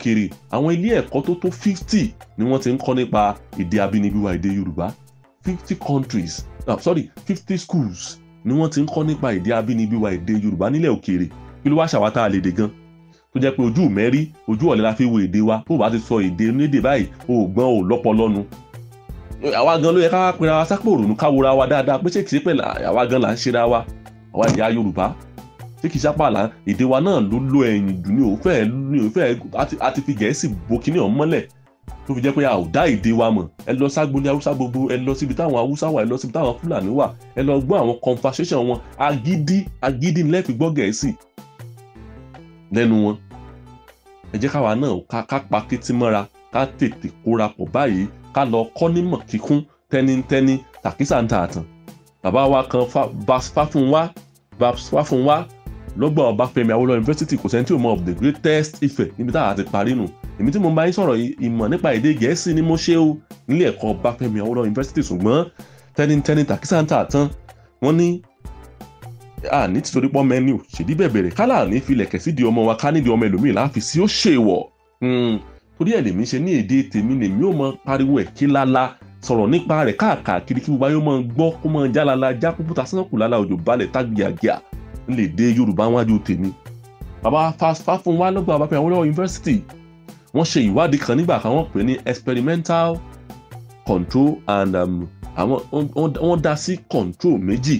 òkèèrè àwọn ilé ẹ̀kọ́ tó tó fifty ni wọ́n ti ń kọ́ nípa èdè abínibí wa èdè Yorùbá fifty countries uh, sorry fifty schools ni wọ́n ti ń kọ́ nípa èdè abínibí wa èdè Yorùbá nílẹ̀ òkèèrè kí ló wá ṣàwátá àlèdè gan tó jẹ́ pé ojú mẹ́rí ojú ọ̀lẹ́ la fi wo èdè wa bó bá ti sọ èdè onídè báyìí o ò gbọ́n o lọ́pọ̀ lọ́nu àwa gan ló yẹ ká pera wa sápò òrònú káwora wa dáadáa pé ṣé kìí pẹ̀lú àwa gan là ń ṣera wa àwa ìyá Yorùbá ṣé kìí ṣàpàlà èdè wa náà ló lo ẹ̀yìn dùn ní òfẹ́ ní òfẹ́ àti fi gẹ̀ẹ́sì bo kíní ọ̀hún mọ́lẹ̀ tó fi jẹ́ pé a ò dá èdè wa mọ̀ ẹ lọ ságbolé haúsá gbogbo ẹ lọ síbi táwọn haúsá wà ẹ lọ síbi táwọn fúlàní wà ẹ lọ gbọ́ àwọn conversation wọn agídí agídí ńlẹ́ fi gbọ́ gẹ̀ẹ́sì lẹ́nu wọn ẹ jẹ́ káwa náà ká pa kétí mọ́ra ká tètè kóra pọ̀ báyìí ká lọ kọ́ nímọ̀ kíkún tẹ́nitẹ́ni tàkísà ń bàbá wa kan fáfún wa bàbá fáfún wa lọ́gbà ọba Fẹ́mi Awólọ́wọ̀ yunifásitì kò sẹ́ni tí ò mọ̀ of the greatest Ifẹ̀ níbi táwa ti parí nù èmi tí mo bá yín sọ̀rọ̀ ìmọ̀ nípa èdè Gẹ̀ẹ́sì ni mo ṣe o nílé ẹ̀kọ́ ọba Fẹ́mi Awólọ́wọ̀ yunifásitì ṣùgbọ́n tẹ́nitẹ́ni tàkísàǹtà tán wọ́n ní a ní títorí pọ́ mẹ́nu ṣèdí bẹ̀bẹ̀rẹ̀ kálá ní filẹ̀kẹ̀ sídìí ọmọ wa ká nídìí ọmọ ẹlòmíì láàfin sí ó ṣèwọ̀ hmm, torí ẹ̀ lèmi ṣe ní èdè tèmi lèmi ò mọ pariwo ẹ̀ kí lala sọ̀rọ̀ nípa rẹ̀ káàkiri kí gbogbo ayé máa gbọ́ kó máa já lala já púpúta sánàkù lala òjò balẹ̀ tágbìyàgbìyà lè dé Yorùbá wájú tèmi bàbá Fáfúnwá ló gba bàbá Awólọ́wọ̀ yunifásitì wọ́n ṣe ìwádìí kan nígbà kan wọ́n pè ní experimental control and um, àwọn wọ́n dá sí control méjì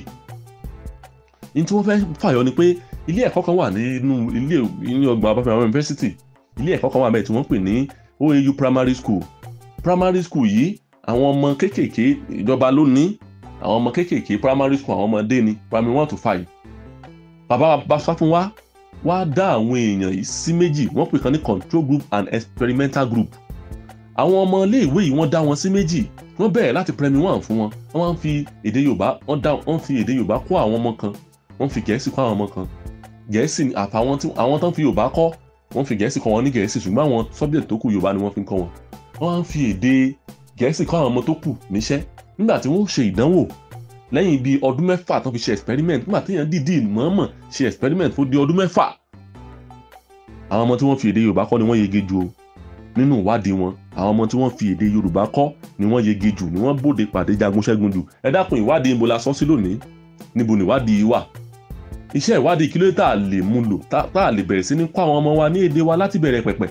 ní tí wọ́n fẹ́ fàyọ ni pé ilé ẹ̀kọ́ kan wà nínú ilé ọgbà bàbá Awólọ́wọ̀ yunifásitì ilé ẹ̀kọ́ kan wà bẹ́ẹ̀ tí wọ́n pè ní OAU primary school primary school yìí àwọn ọmọ kéékèèké ìjọba ló ní àwọn ọmọ kéékèèké primary school àwọn ọmọdé ni primary one to five bàbá bàbá Fáfúnwá wá dá àwọn èèyàn yìí sí méjì wọ́n pè kan ní control group and experimental group àwọn ọmọ iléèwé yìí wọ́n dá wọn sí méjì wọ́n bẹ̀rẹ̀ láti primary one fún wọn wọ́n máa ń fi èdè Yorùbá wọ́n dá wọ́n fi èdè Yorùbá kọ́ àwọn ọmọ kan wọ́n fi Gẹ̀ẹ́sì kọ́ àwọn ọmọ kan Gẹ̀ẹ́sì àtàwọn tí àwọn tán fi Yorùbá kọ́ wọ́n fi Gẹ̀ẹ́sì kọ́ wọn ní Gẹ̀ẹ́sì ṣùgbọ́n àwọn subject tó kù Yorùbá ni wọ́n fi kọ́ wọn wọ́n á ń fi èdè Gẹ̀ẹ́sì kọ́ àwọn ọmọ tó kù níṣẹ́ nígbà tí wọ́n ṣe ìdánwò lẹ́yìn bíi ọdún mẹ́fà tó fi ṣe experiment nígbà téèyàn dìdí mọ̀ọ́mọ̀ ṣe experiment fún di ọdún mẹ́fà àwọn ọmọ tí wọ́n fi èdè yorùbá kọ́ ni wọ́n yege jù o nínú ìwádìí wọn àwọn ọmọ tí wọ́n fi èdè yorùbá kọ́ ni wọ́n yege jù ni wọ́n bòde pàdé jagun ṣẹ́gun jù ẹ dákun ìwádìí ibo la sọ sí lónìí níbo ni ìwádìí wà iṣẹ́ ìwádìí kí ló tá a lè mú lò tá a lè bẹ̀rẹ̀ sí ní kọ́ àwọn ọmọ wa ní èdè wa láti bẹ̀rẹ̀ pẹ̀pẹ̀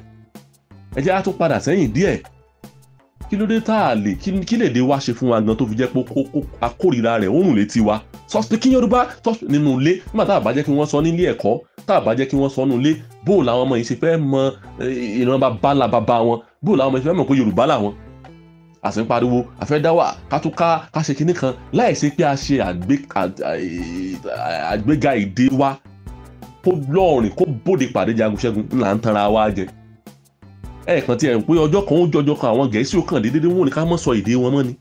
ẹ jẹ́ á tún padà sẹ́yìn díẹ̀ kí ló dé tá a lè kí lè dé wá ṣe fún wa gan tó fi jẹ́ pé akórira rẹ̀ òórùn létí wa sọ́sọ́ kí Yorùbá sọ́sọ́ nínú ilé nígbà tá a bá jẹ́ kí wọ́n sọ nílé ẹ̀kọ́ tá a bá jẹ́ kí wọ́n sọ nílé bóò làwọn ọmọ yìí ṣe fẹ́ mọ ìran bàbá la bàbá wọn bóò làwọn ọmọ yìí ṣe fẹ́ mọ̀ pé Yorùbá làwọn àsìn pariwo àfẹ́dáwà kátúká káṣe kinní kan láì ṣe pé a ṣe àgbéga èdè wa kó lọ́ọ̀rìn kó bóde pàdé jagun ṣẹ́gun ń tanra wa jẹ ẹ̀ẹ̀kan tí ẹ̀ ń pé ọjọ́ kan ó jọjọ kan àwọn gẹ̀ẹ́sì ó kàn déédéé wọn ò ká mọ̀ sọ èdè wọn mọ́ ni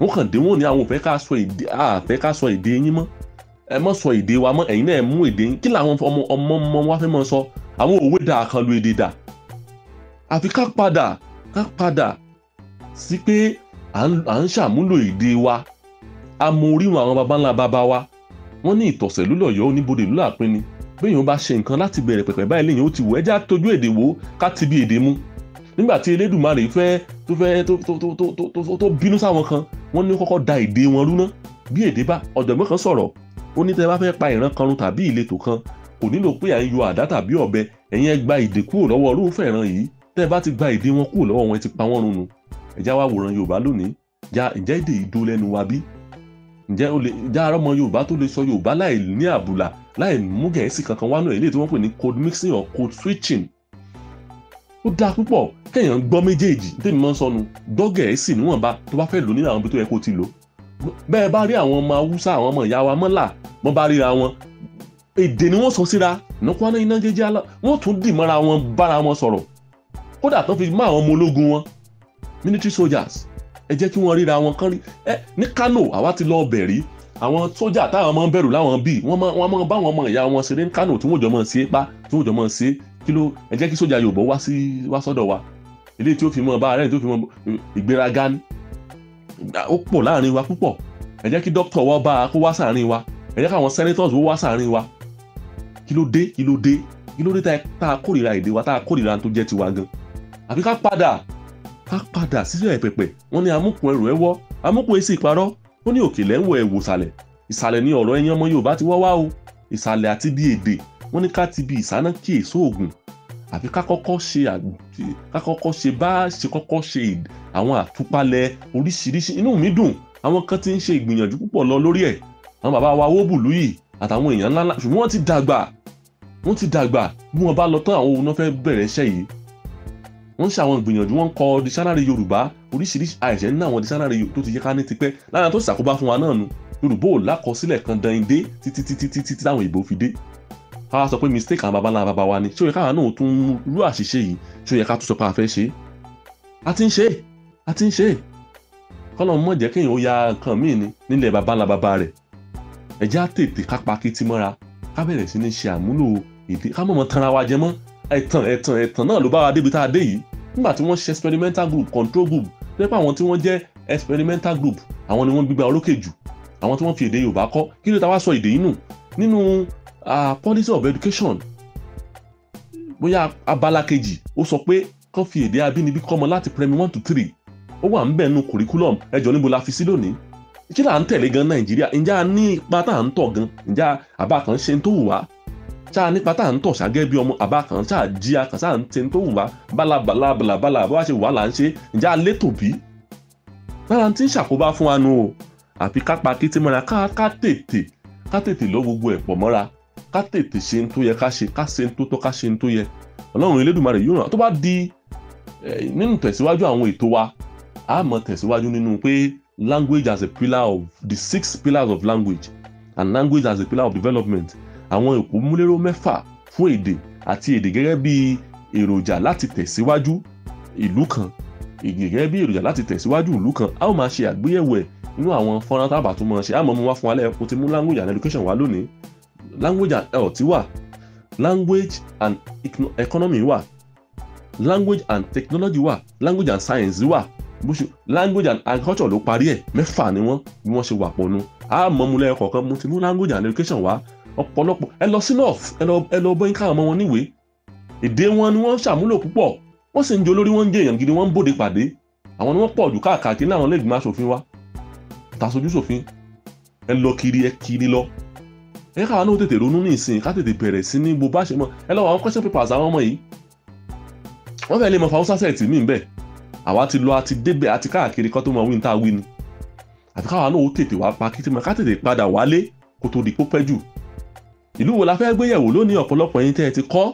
wọn kàn dé wọn ò àwọn òfẹ́ ká sọ èdè àfẹ́ ká sọ èdè yín mọ́ ẹ mọ̀ sọ èdè wa mọ́ ẹ̀yin náà ẹ mú èdè yín kí làwọn ọmọ ọmọ ọmọ wa fẹ́ mọ̀ sọ àwọn òwe dà kan lu èdè dà àfi ká padà ká padà sí pé à ń ṣàmúlò èdè wa a mọ oríwọn àwọn baba ńlá baba wa wọ́n ní ìtọ̀sẹ̀ lólọ́yọ̀ oníbodè nígbà tí Elédùmarè fẹ́ tó fẹ́ tó tó tó tó tó bínú sáwọn kan wọ́n ní kọ́kọ́ da èdè wọn rú ná bí èdè bá ọ̀jọ̀gbọ́n kan sọ̀rọ̀ ó ní tẹ́ bá fẹ́ pa ìran kan run tàbí ìletò kan kò nílò pé à ń yọ àdá tàbí ọ̀bẹ ẹ̀yin ẹ gba èdè kúrò lọ́wọ́ irúfẹ́ ìran yìí tẹ́ bá ti gba èdè wọn kúrò lọ́wọ́ wọn ti pa wọ́n run nu ẹ̀já wa wòran Yorùbá lónìí ya ǹjẹ́ èdè ìdó lẹ́nu wa bí ǹjẹ́ o lè já ara ọmọ Yorùbá tó lè sọ Yorùbá láì ní àbùlà láì mú Gẹ̀ẹ́sì kankan wánú ẹ̀ lè tí wọ́n pè ní code mixing or code switching ó dáa púpọ̀ kéèyàn gbọ́ méjèèjì tèmi máa ń sọnu dọ́gẹ̀ẹ́sì níwọ̀nba tó bá fẹ́ lò nínú àwọn ibi tó yẹ kó ti lò bẹ́ẹ̀ bá rí àwọn ọmọ haúsá àwọn ọmọ ìyá wa mọ́là wọ́n bá ríra wọn èdè ni wọ́n sọ síra nọ́kùnrin iná jẹ́jẹ́ alá wọ́n tún dì mọ́ra wọn bára wọn sọ̀rọ̀ kódà tó fi má àwọn ọmọ ológun wọn military soldiers ẹ jẹ́ kí wọ́n ríra wọn kán rí ẹ ní Kano àwa ti lọ bẹ̀ rí àwọn sójà táwọn máa ń bẹ̀rù láwọn bíi wọ́n máa bá àwọn ọmọ ìyá wọn ṣeré ní Kano tí wọ́n jọ máa ṣe é pa tí wọ́n jọ máa ṣe é kí ló ẹ jẹ́ kí sójà Yorùbá wá sí wá sọ́dọ̀ wa ilé tí ó fi mọ bá ara rẹ̀ tó fi mọ ìgbéraga ni ó pọ̀ láàrin wa púpọ̀ ẹ jẹ́ kí dókítà wa bá a kó wá sáàrin wa ẹ jẹ́ káwọn senators ó wá sáàrin wa kí ló dé kí ló dé kí ló dé tá a kórìíra èdè wa tá a kórìíra tó jẹ́ tiwa gan àfi ká padà ká padà sílẹ̀ pẹ̀pẹ̀ wọ́n ní amúkùn ẹrù ẹ wọ́ amúkùn èsì ìparọ́ ó ní òkè lẹ́wọ̀ ẹ̀wòsàlẹ̀ ìsàlẹ̀ ni ọ̀rọ̀ ẹ̀yìn ọmọ Yorùbá ti wá wá o ìsàlẹ̀ àti bí èdè wọ́n ní ká ti bi ìsánákì èso ògùn àfi ká kọ́kọ́ ṣe ká kọ́kọ́ ṣe bá ṣe kọ́kọ́ ṣe àwọn àtúpalẹ̀ oríṣiríṣi inú mi dùn àwọn kan ti ń ṣe ìgbìyànjú púpọ̀ lọ lórí ẹ̀ àwọn bàbá wa wóbùlú yìí àtàwọn èèyàn ńláńlá ṣùgbọ́n wọ́n ti dàgbà wọ́n ti dàgbà bí wọ́n bá lọ tán àwọn òun fẹ́ bẹ̀rẹ̀ iṣẹ́ yìí wọ́n ń ṣe àwọn ìgbìyànjú wọ́n ń kọ disanari yorùbá oríṣiríṣi àìsẹ̀ ní àwọn disanari tó ti yẹ ká ní tipẹ́ lára tó ṣàkóbá fún wa náà nu yorùbá ò lákọsílẹ̀ kan dandé títí títí títí ká sọ pé mistake àwọn baba ńlá baba wa ni ṣé ó yẹ káwọn náà tún rú àṣìṣe yìí ṣé ká tún sọ pé a fẹ́ ṣe é a ti ń ṣe é a ti ń ṣe é kọ́nà mọ̀ jẹ́ kéèyàn ó ya nǹkan míì ni nílẹ̀ baba ńlá baba rẹ̀ ẹ̀já tètè ká pa kí ti mọ́ra ká bẹ̀rẹ̀ sí ní ṣe àmúlò èdè ká mọ̀mọ́ tanra wa jẹ mọ́ ẹ̀tàn ẹ̀tàn ẹ̀tàn náà ló bá wa débi tá a dé yìí nígbà tí wọ́n ṣe experimental group control group pẹ́pẹ́ àwọn tí wọ́n jẹ́ experimental group àwọn ni wọ́n gbígba olókè jù àwọn tí wọ́n fi èdè Yorùbá kọ́ kí ló ta wá sọ èdè yìí nù nínú uh, policy of education bóyá abala kejì ó sọ pé kán fi èdè abínibí kọ́mọ láti primary one to three ó wà ń bẹ̀ nu curriculum ẹjọ́ níbo la fi sí lónìí kí là ń tẹ̀lé gan nàìjíríà ǹjẹ́ a ní ipa tá à ń tọ̀ gan ǹjẹ́ àbá kan ṣe ń tó wù wá ṣá a nípa tá à ń tọ̀ ṣàgẹ́ bí ọmọ àbá kan ṣá a jí a kan ṣá à ń ṣe ń tó wù wá bálabàlà bàlàbàlà bá ṣe wà là ń ṣe ǹjẹ́ a létò bí. lára tí ń ṣàkóbá fún wa nu o àfi ká pa kété mọ́ra ká tètè ká tètè lọ gbogbo ẹ̀ mọ́ra ká tètè ṣe ń tó yẹ ká ṣe ká ṣe ń tó tọ́ ká ṣe ń tó yẹ ọlọ́run elédùnmarè yóò ràn tó bá di nínú tẹ̀síwájú àwọn ètò wa a mọ̀ tẹ̀síwájú nínú pé language as a pillar of the six pillars of language and language as a pillar of development àwọn èkó múlẹ́rọ mẹ́fà fún èdè àti èdè gẹ́gẹ́ bí èròjà láti tẹ̀síwájú ìlú kan gẹ́gẹ́ bí èròjà láti tẹ̀síwájú ìlú kan a ó máa ṣe àgbéyẹ̀wò ẹ̀ àwọn fọ́nrán tábà tó máa ṣe a mọ̀ mú wá fún alẹ́ ẹ̀kú ti mú language and education wá lónìí language and health wà language and economy wà language and technology wà language and science wà bóṣù language and agriculture ló parí ẹ̀ mẹ́fà ni wọ́n bí wọ́n ṣe wà pọnu àmọmúlẹ kọ̀ọ̀kan mo ti mú language and education wá ọ̀pọ̀lọpọ̀ ẹ lọ sí north ẹ lọ bóyá káwọn ọmọ wọn níwèé èdè wọn ni wọ́n ṣàmúlò púpọ̀ wọ́n sì ń jẹ olórí wọ́n ń jẹ èèyàn gidi wọ́n ń bòde pàdé àwọn ni wọ́n pọ̀ jù káàkiri láwọn ilé ìgbìmọ̀ asòfin wa tàṣojú ṣòfin ẹ lọ kiri ẹ kiri lọ ẹ káwa náà tètè ronú ní ìsìn ká tètè bẹ̀rẹ̀ sí ní gbogbo àṣemọ ẹ lọ́wọ́ àwọn question papers àwọn ọmọ yìí wọ́n fẹ́ lè mọ fàwọ́sà sẹ́ẹ̀tì mí bẹ́ẹ̀ àwa ti lọ àti débẹ̀ àti káàkiri kọ́ tó mọ wíńtà wí ni àti káwa náà ó tètè wá pa kí ká tètè padà wálé kó tó di pópẹ́ jù ìlú wo la fẹ́ gbéyẹ̀wò lónìí ọ̀pọ̀lọpọ̀ yín tẹ́ ẹ ti kọ́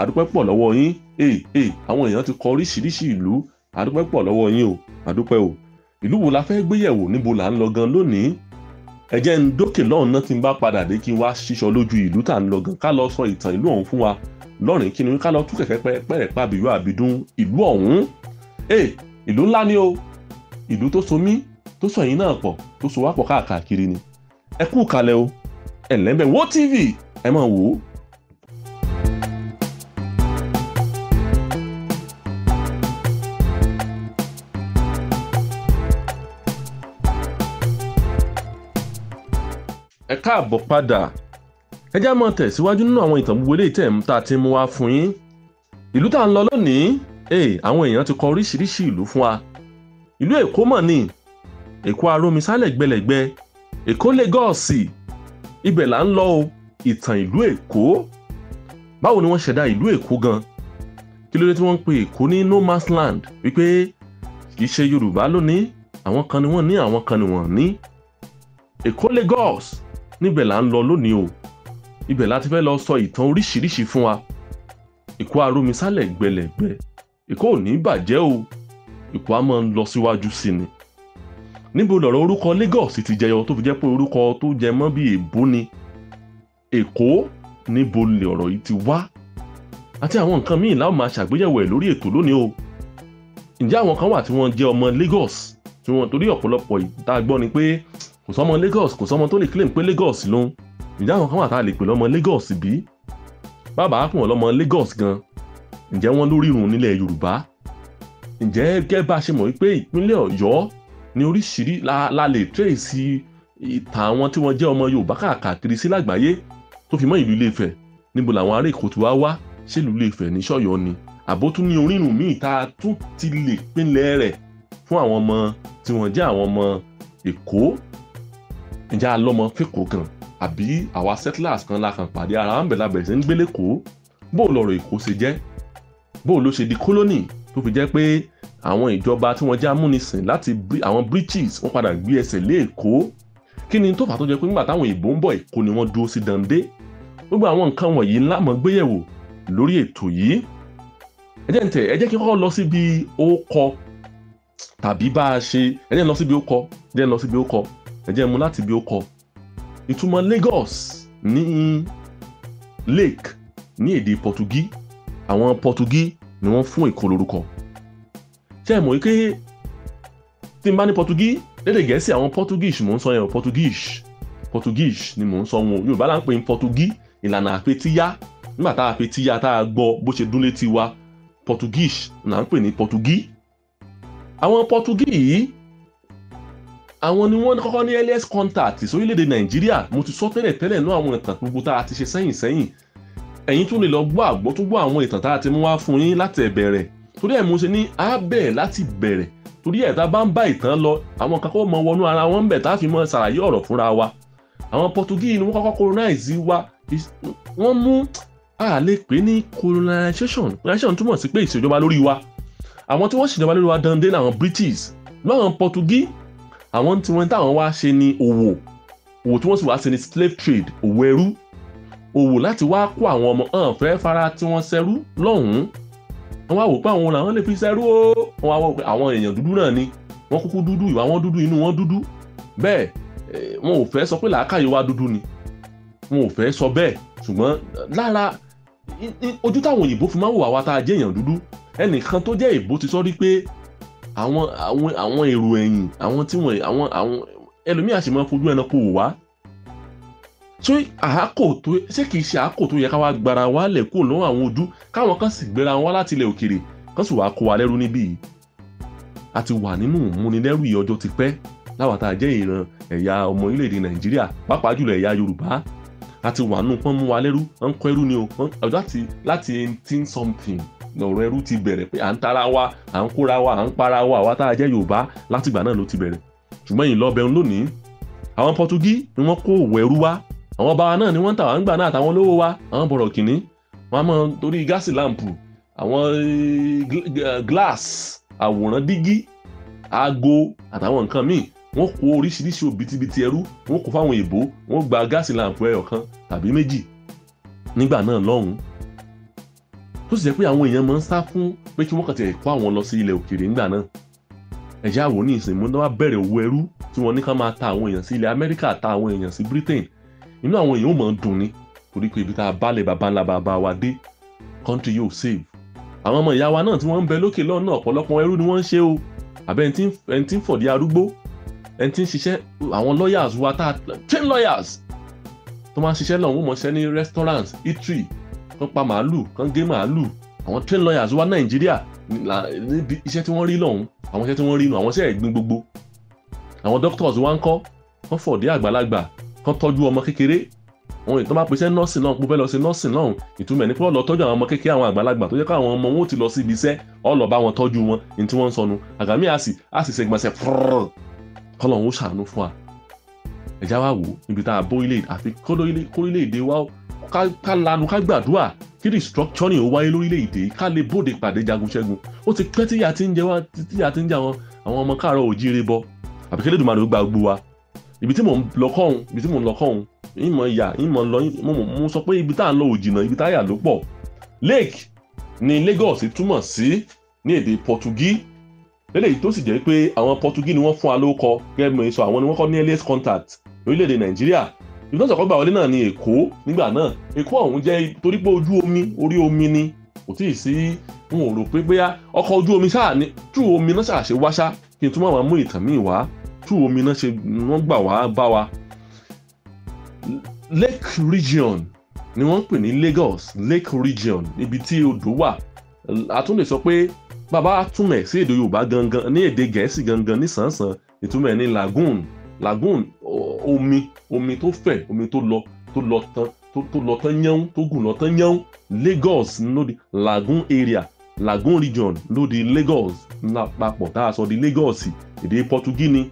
àdúpẹ́ pọ̀ lọ́wọ́ yín èè èè àwọn èèyàn ti kọ oríṣiríṣi ìlú àdúpẹ́ pọ̀ lọ́wọ́ yín o àdúpẹ́ o ìlú wo la fẹ́ gbéyẹ̀wò níbo là ń lọ gan lónìí ẹ ń dókè lọ́run náà tí ń bá padà dé kí n wá ṣíṣọ lójú ìlú tá ń lọ gan ká lọ sọ ìtàn ìlú ọ̀hún fún wa lọ́rìn kí ni ká lọ tú kẹ̀kẹ́ pẹ́rẹ́ pàbíyú àbídún ìlú ọ̀hún ẹ eh, ìlú ńlá ni o ìlú tó so mí tó so ẹ̀yin náà pọ̀ tó so wá pọ̀ káàkiri ni ẹ kú kalẹ̀ o ẹ̀ lẹ́bẹ̀ wo TV ẹ máa wò ó ẹ káàbọ̀ padà ẹ já máa tẹ̀síwájú nínú àwọn ìtàn gbogbo eléyìí tẹ̀ ń ta ti mú wá fún yín ìlú tá a ń lọ lónìí ee eh, àwọn èèyàn ti kọ oríṣiríṣi ìlú fún wa ìlú èkó mọ̀ ni èkó arómisálẹ̀ gbẹlẹ̀gbẹ́ èkó lagọ́ọ̀sì ibẹ̀ là ń lọ o ìtàn ìlú èkó báwo ni wọ́n ṣẹ̀dá ìlú èkó gan kí ló dé tí wọ́n ń pe èkó ní no man's land wípé kì í ṣe yorùbá lónìí àwọn kan ni wọ́n ní àwọn kan ni wọ́n ní èkó lagos níbẹ̀ là ń lọ lónìí o ibẹ̀ la fẹ́ lọ sọ ìtàn oríṣiríṣi fún wa ìkó arómi sálẹ̀ ìkó ò ní bàjẹ́ o ìkó a máa ń lọ síwájú sí ni níbo lọ̀rọ̀ orúkọ Lagos ti jẹyọ tó fi jẹ́ pé orúkọ tó jẹ mọ́ bí èbó ni Èkó níbo lè yìí ti wá àti àwọn nǹkan míì láwọn máa ṣàgbéyẹ̀wò ẹ̀ lórí ètò lónìí o ǹjẹ́ àwọn kan wà tí wọ́n jẹ́ ọmọ Lagos tí wọ́n torí ọ̀pọ̀lọpọ̀ ìta gbọ́ ni pé kò sọmọ Lagos kò sọmọ tó lè claim pé Lagos ló ń ǹjẹ́ àwọn kan wà tá a lè pè lọ́mọ Lagos bí bàbá á pè lọ́mọ Lagos gan ǹjẹ́ wọ́n lórí irun nílẹ̀ Yorùbá ǹjẹ́ gẹ́ bá ṣe mọ̀ wípé ìpínlẹ̀ Ọ̀yọ́ ni oríṣiríṣi la, la lè trace ìtàn àwọn tí wọ́n jẹ́ ọmọ Yorùbá káàkiri sí lágbàáyé tó fi mọ́ ìlú Ilé-Ifẹ̀ níbo làwọn ará Èkó ti wá wá Ilé-Ifẹ̀ ní sọ́yọ́ ni àbótún ní orírun míì tá a tún ti lè pínlẹ̀ rẹ̀ fún àwọn ọmọ tí wọ́n jẹ́ àwọn ọmọ Èkó ǹjẹ́ a lọ́mọ fẹ́kọ̀ọ́ kan àbí àwa settlers kan la kan pàdé ara ń bẹ̀ labẹ̀ sí ń gbélé kó bó lọ̀rọ̀ èkó ṣe jẹ́ bó ló ṣe di kólónì tó fi jẹ́ pé àwọn ìjọba tí wọ́n jẹ́ amúnisìn láti àwọn british wọ́n padà gbé ẹsẹ̀ lé èkó kí ni tó fà tó jẹ́ pé nígbà táwọn ìbò ń bọ̀ èkó ni wọ́n dúró sí dande gbogbo àwọn nǹkan wọ̀nyí ńlá mọ̀ gbéyẹ̀wò lórí ètò yìí ẹ jẹ́ ntẹ̀ ẹ jẹ́ kí n kọ́ lọ síbi ó kọ tàbí bá a ṣe ẹ jẹ́ lọ síbi ó kọ ẹ jẹ́ lọ síbi ó kọ ẹ jẹ́ mu láti bí ó kọ Lagos ní lake ní èdè Pọtugí àwọn Pọtugí ni wọ́n fún Èkó lórúkọ ṣé ẹ mọ̀ wípé tí n bá ní Pọtugí lédè Gẹ̀ẹ́sì àwọn Portuguese mò ń sọ yẹn Portuguese Portuguese ni mò ń sọ wọn Yorùbá là ń pè ní Pọtugí ìlànà àpètíyá nígbà tá a fi tíya tá a gbọ́ bó ṣe dún létí wa là ń pè ní Pọtugí àwọn Pọtugí yìí àwọn ni wọ́n kọ́kọ́ ní earliest contact sórílẹ̀-èdè nàìjíríà mo ti sọ tẹ́lẹ̀ tẹ́lẹ̀ náà àwọn ìtàn gbogbo tá a ti ṣe sẹ́yìn sẹ́yìn ẹ̀yin tún lè lọ gbọ́ àgbọ́ tó gbọ́ àwọn ìtàn tá a ti mú wá fún yín láti ẹ̀bẹ̀rẹ̀ torí ẹ̀ mo ṣe ní á bẹ̀rẹ̀ láti bẹ̀rẹ̀ torí ẹ̀ tá a bá ń bá ìtàn lọ àwọn kan kọ́ mọ wọnú ara wọn bẹ̀ tá a fi mọ ṣàlàyé ọ̀rọ̀ fúnra wa àwọn Portuguese ni wọ́n kọ́kọ́ colonize wa wọ́n mú àwọn tí wọ́n táwọn wá ṣe ni òwò òwò tí wọ́n sì wá ṣe ni slave trade òwò ẹrú òwò láti wá kó àwọn ọmọ hàn fẹ́ fara tí wọ́n ṣẹrú lọ́hùn-ún wọ́n wá wò pé àwọn làwọn lè fi ṣẹrú o wọ́n wá wò pé àwọn èèyàn dúdú náà ni wọ́n kúkú dúdú ìwà wọn dúdú inú wọn dúdú bẹ́ẹ̀ eh, wọn ò fẹ́ sọ pé làákàyè wa dúdú ni wọn ò fẹ́ sọ bẹ́ẹ̀ ṣùgbọ́n lára ojú táwọn òyìnbó fi máa ń wò àwa tá a jẹ́ èèyàn dúdú ẹnìkan tó jẹ́ èèbó ti sọ rí pé àwọn àwọn àwọn èrò ẹ̀yìn àwọn tí wọ́n àwọn àwọn ẹlòmíì àti máa fojú ẹranko wá tó àákò tó ṣé kìí ṣe àákò tó yẹ ká wá gbara wá lẹ̀ kúrò lọ́wọ́ àwọn ojú káwọn kan sì gbéra wá láti ilẹ̀ òkèrè kan sì wá kó wa lẹ́rú níbí yìí a ti wà nínú ìmúnilẹ́rù yìí ọjọ́ ti pẹ́ láwa tá a jẹ́ ìran ẹ̀yà ọmọ orílẹ̀-èdè nàìjíríà pàápàá jùlọ ẹ̀yà yorùbá a ti wà nù pọ́n mú wa lẹ́rú wọ́n ń kọ́ ẹrú ni o ọjọ́ àti láti eighteen something ọ̀rọ̀ ẹrú ti bẹ̀rẹ̀ pé à ń tara wa à ń kóra wa à ń para wa àwa tá a jẹ́ yorùbá látìgbà náà ló ti bẹ̀rẹ̀ ṣùgbọ́n yìí lọ́bẹ̀rún lónìí àwọn pọtugí ni wọ́n kó òwò ẹrú wá àwọn bàbá náà ni wọ́n ń tà wá ń náà àtàwọn olówó wa àwọn bọ̀rọ̀ kìnní wọ́n á mọ torí gáàsì láǹpù àwọn eh, glass àwòrán dígí aago àtàwọn nǹkan míì wọ́n kó oríṣiríṣi òbítíbitì ẹrú wọ́n kó fáwọn èèbó wọ́n gba gáàsì láǹpù ẹyọ̀kan tàbí méjì nígbà náà lọ́hùn-ún tó sì jẹ́ pé àwọn èèyàn máa ń sá fún pé kí wọ́n kàn tiẹ̀ kó àwọn lọ sí ilẹ̀ òkèèrè ńgbà náà ẹ̀já wo ìsìn múndá wá bẹ̀rẹ̀ owó ẹrú tí wọ́n ní ká máa ta àwọn èèyàn sí ilẹ̀ Amẹ́ríkà ta àwọn èèyàn sí Britain inú àwọn èèyàn ò mọ̀ dùn ni torí pé ibi tá a bálẹ̀ bàbá ńlá bàbá wa dé country yóò save àwọn ọmọ ìyá wa náà tí wọ́n ń bẹ lókè lọ́nà ọ̀pọ̀lọpọ̀ ẹrú ni wọ́n ń ṣe o àbẹ́ ẹni tí ń fọ̀dí arúgbó ẹni tí ń ṣiṣẹ́ àwọn lawyers wa tá train lawyers tó máa ń ṣiṣẹ́ lọ́hùn-ún mọ̀ṣẹ́ ní restaurants eatery kán pa màálù kán gé màálù àwọn train lawyers wá nàìjíríà níbi iṣẹ́ tí wọ́n rí lọ́hùn àwọn iṣẹ́ tí wọ́n rí nù àwọn iṣẹ́ ẹ̀gbin gbogbo àwọn doctors wá ń kọ́ kán fọ̀dé àgbàlagbà kán tọ́jú ọmọ kékeré àwọn ìtàn bá pèsè nọ́ọ̀sì náà pé lọ sí nọ́ọ̀sì náà ìtumọ̀ ní pé ọ̀lọ́ tọ́jú àwọn ọmọ kékeré àwọn àgbàlagbà tó jẹ́ káwọn ọmọ wọn ò ti lọ sí ibi iṣẹ́ ọ̀lọ́ bá wọn tọ́jú wọn ní tí wọ́n ń sọnu àgàmì àsì àsì ṣègbọ̀nsẹ̀ fúrúrú kọ́lọ̀ ń ṣàánú fún wa ẹ̀já wa wò níbi tá a bó ilé àfi kórílẹ̀ èdè wa ká lanu ká gbàdúrà kí restructuring ó wáyé lórílẹ̀‐èdè ká lè bóde pàdé jagun ṣẹ́gun ó ti pẹ́ tíyà ti ń jẹ wá tíyà ti ń jẹ àwọn ọmọ káàárọ̀ òjíire bọ́ àbí kílódé màdùn gba gbogbo wa ibi tí mò ń lọ kọ́hún ibi tí mò ń lọ kọ́hún ìmọ̀ ìyà ìmọ̀ lọ mo sọ pé ibi tá à ń lọ òjìnà ibi tá à yà ló pọ̀ lake ni Lagos túmọ̀ sí ní èdè Portuguese lélẹ́yìí tó sì jẹ́ pé àwọn Portuguese ni wọ́n fún wa lóko sọ àwọn ni wọ́n kọ́ ní earliest contact lórílẹ̀‐èdè Nàìjíríà ìfúnṣẹ́ ọ̀kọ́ gbà wọlé náà ni èkó nígbà náà èkó ọ̀hún jẹ́ torí pé ojú omi orí omi ni kò tí ì sí n rò pé bóyá ọkọ̀ ojú omi ṣáà ni tú omi náà ṣáà ṣe wáṣá kí n tún máa mú ìtàn míì wá tú omi náà ṣe wọ́n gbà wá bá wa. Lake region ni wọ́n ń pè ní Lagos Lake region ibi tí odò wà a tún lè sọ pé bàbá túmẹ̀ sí èdè Yorùbá gangan ní èdè Gẹ̀ẹ́sì gangan nísànsàn ìtumẹ̀ ní lagoon lagoon omi omi tó fẹ̀ omi tó lọ tó lọ tán tó lọ tán yánwó tó gùn lọ tán yánwó Lagos ló di Lagoon area Lagoon region ló di Lagos lápapọ̀ tá a sọ di Lagos èdè Pọtugí ni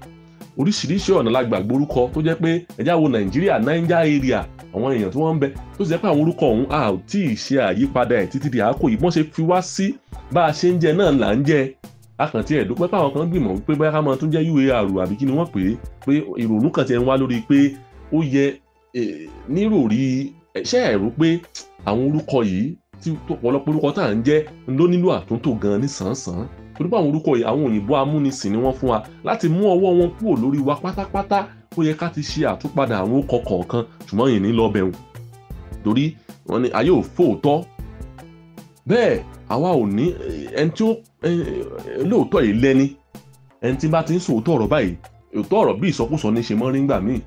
oríṣiríṣi ọ̀nà la gbàgbọ́ orúkọ tó jẹ́ pé ẹ̀já wo Nàìjíríà Niger area àwọn èèyàn tí wọ́n ń bẹ tó sì jẹ́ pé àwọn orúkọ ọ̀hún a ò tí ì ṣe àyípadà ẹ̀ títí di àákò yìí wọ́n ṣe fi wá sí bá a ṣe ń jẹ náà là ń jẹ akàntí ẹ̀dúpẹ́ táwọn kan gbìmọ̀ wípé bóyá ká máa tún jẹ́ uar àbí kí ni wọ́n pè é pé ìrònú kan ti ń wá lórí pé ó yẹ níròrí ẹ̀ṣẹ́ ẹ̀rú pé àwọn orúkọ yìí tí ọ̀pọ̀lọpọ̀ orúkọ tá à ń jẹ́ ló nílò àtúntò gan-an nísànsán torí pé àwọn orúkọ yìí àwọn òyìnbó amúnisìn ni wọ́n fún wa láti mú ọwọ́ wọn kúrò lórí wa pátápátá ó yẹ ká ti ṣe àtúpadà àwọn orúkọ kọ̀ọ̀kan ṣùgbọ́n yìí ní lọ́bẹ̀rún torí wọn ni ayé òfóòtọ́ bẹ́ẹ̀ àwa ò ní eh, ẹni tí ó eh, lóòótọ́ yìí lẹ́ni ẹni tí bá ti ń sòótọ́ ọ̀rọ̀ báyìí òótọ́ ọ̀rọ̀ bí ìsọkúsọ ní ṣe mọ́rí ńgbà míì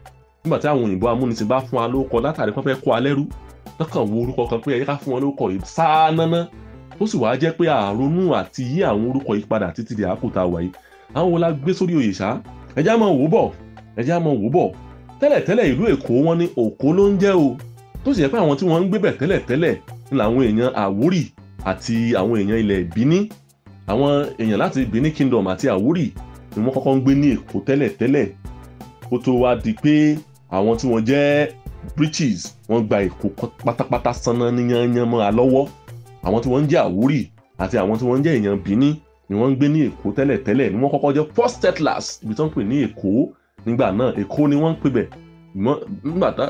nígbà tí àwọn òyìnbó amúnisìn bá fún wa lóko látàrí pé wọ́n fẹ́ kó alẹ́ rú lọ́kàn wo orúkọ kan pé ẹ̀yẹ́ ká fún wọn lóko yìí sáánáná ó sì wáá jẹ́ pé àrònú àti yí àwọn orúkọ yìí padà títí di àkótá wa àwọn wo gbé sórí oyè ṣá ẹjẹ́ mọ wò bọ̀ ẹjẹ́ mọ wò bọ̀ tẹ́lẹ̀tẹ́lẹ̀ ìlú Èkó wọn ní Òkó ló ń jẹ́ o tó sì yẹ pé àwọn tí wọ́n ń gbébẹ̀ tẹ́lẹ̀tẹ́lẹ̀ ni làwọn èèyàn Àwórì àti àwọn èèyàn ilẹ̀ Bíní àwọn èèyàn láti Bíní Kingdom àti Àwórì ni wọ́n kọ́kọ́ ń gbé ní Èkó tẹ́lẹ̀ tẹ́lẹ̀ kó tó wá di pé àwọn tí wọ́n jẹ́ British wọ́n gba Èkó pátápátá sanná ní yanyan mọ́ra lọ́wọ́ àwọn tí wọ́n ń jẹ́ Àwórì àti àwọn tí wọ́n ń jẹ́ èèyàn Bíní ni wọ́n ń gbé ní Èkó tẹ́lẹ̀ tẹ́lẹ̀ ni wọ́n kọ́kọ́ jẹ́ first settlers ibi tí wọ́n ń pè ní Èkó nígbà náà Èkó ni wọ́n ń pè bẹ̀ nígbà tá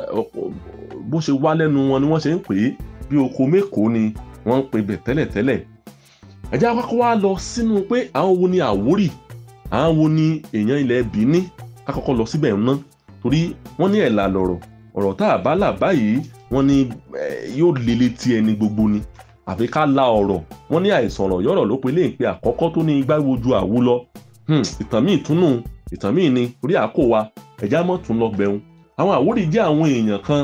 bó ṣe wá lẹ́nu wọn ni wọ́n ṣe ń pè é bí oko mẹ́kọ̀ọ́ ni wọ́n ń pe ibẹ̀ tẹ́lẹ̀tẹ́lẹ̀ ẹ̀jẹ̀ akọ́kọ́ wa lọ sínú pé àwọn wo ni àwórì àwọn wo ni èèyàn ilẹ̀ bìíní akọ́kọ́ lọ síbẹ̀ ná torí wọ́n ní ẹ̀là lọ̀rọ̀ ọ̀rọ̀ tá a bá là báyìí wọ́n ní yóò lele ti ẹni gbogbo ni àfi ká la ọ̀rọ̀ wọ́n ní àìsọ̀rọ̀ yọ̀rọ̀ ló pe lè pe àkọ́kọ́ tó ní igbá wojú àwo lọ hmm, ìtàn míì túnú ìtàn míì ni orí àkó wa ẹ̀já mọ́ tún lọ gbẹ̀hún àwọn àwórì jẹ́ àwọn èèyàn kan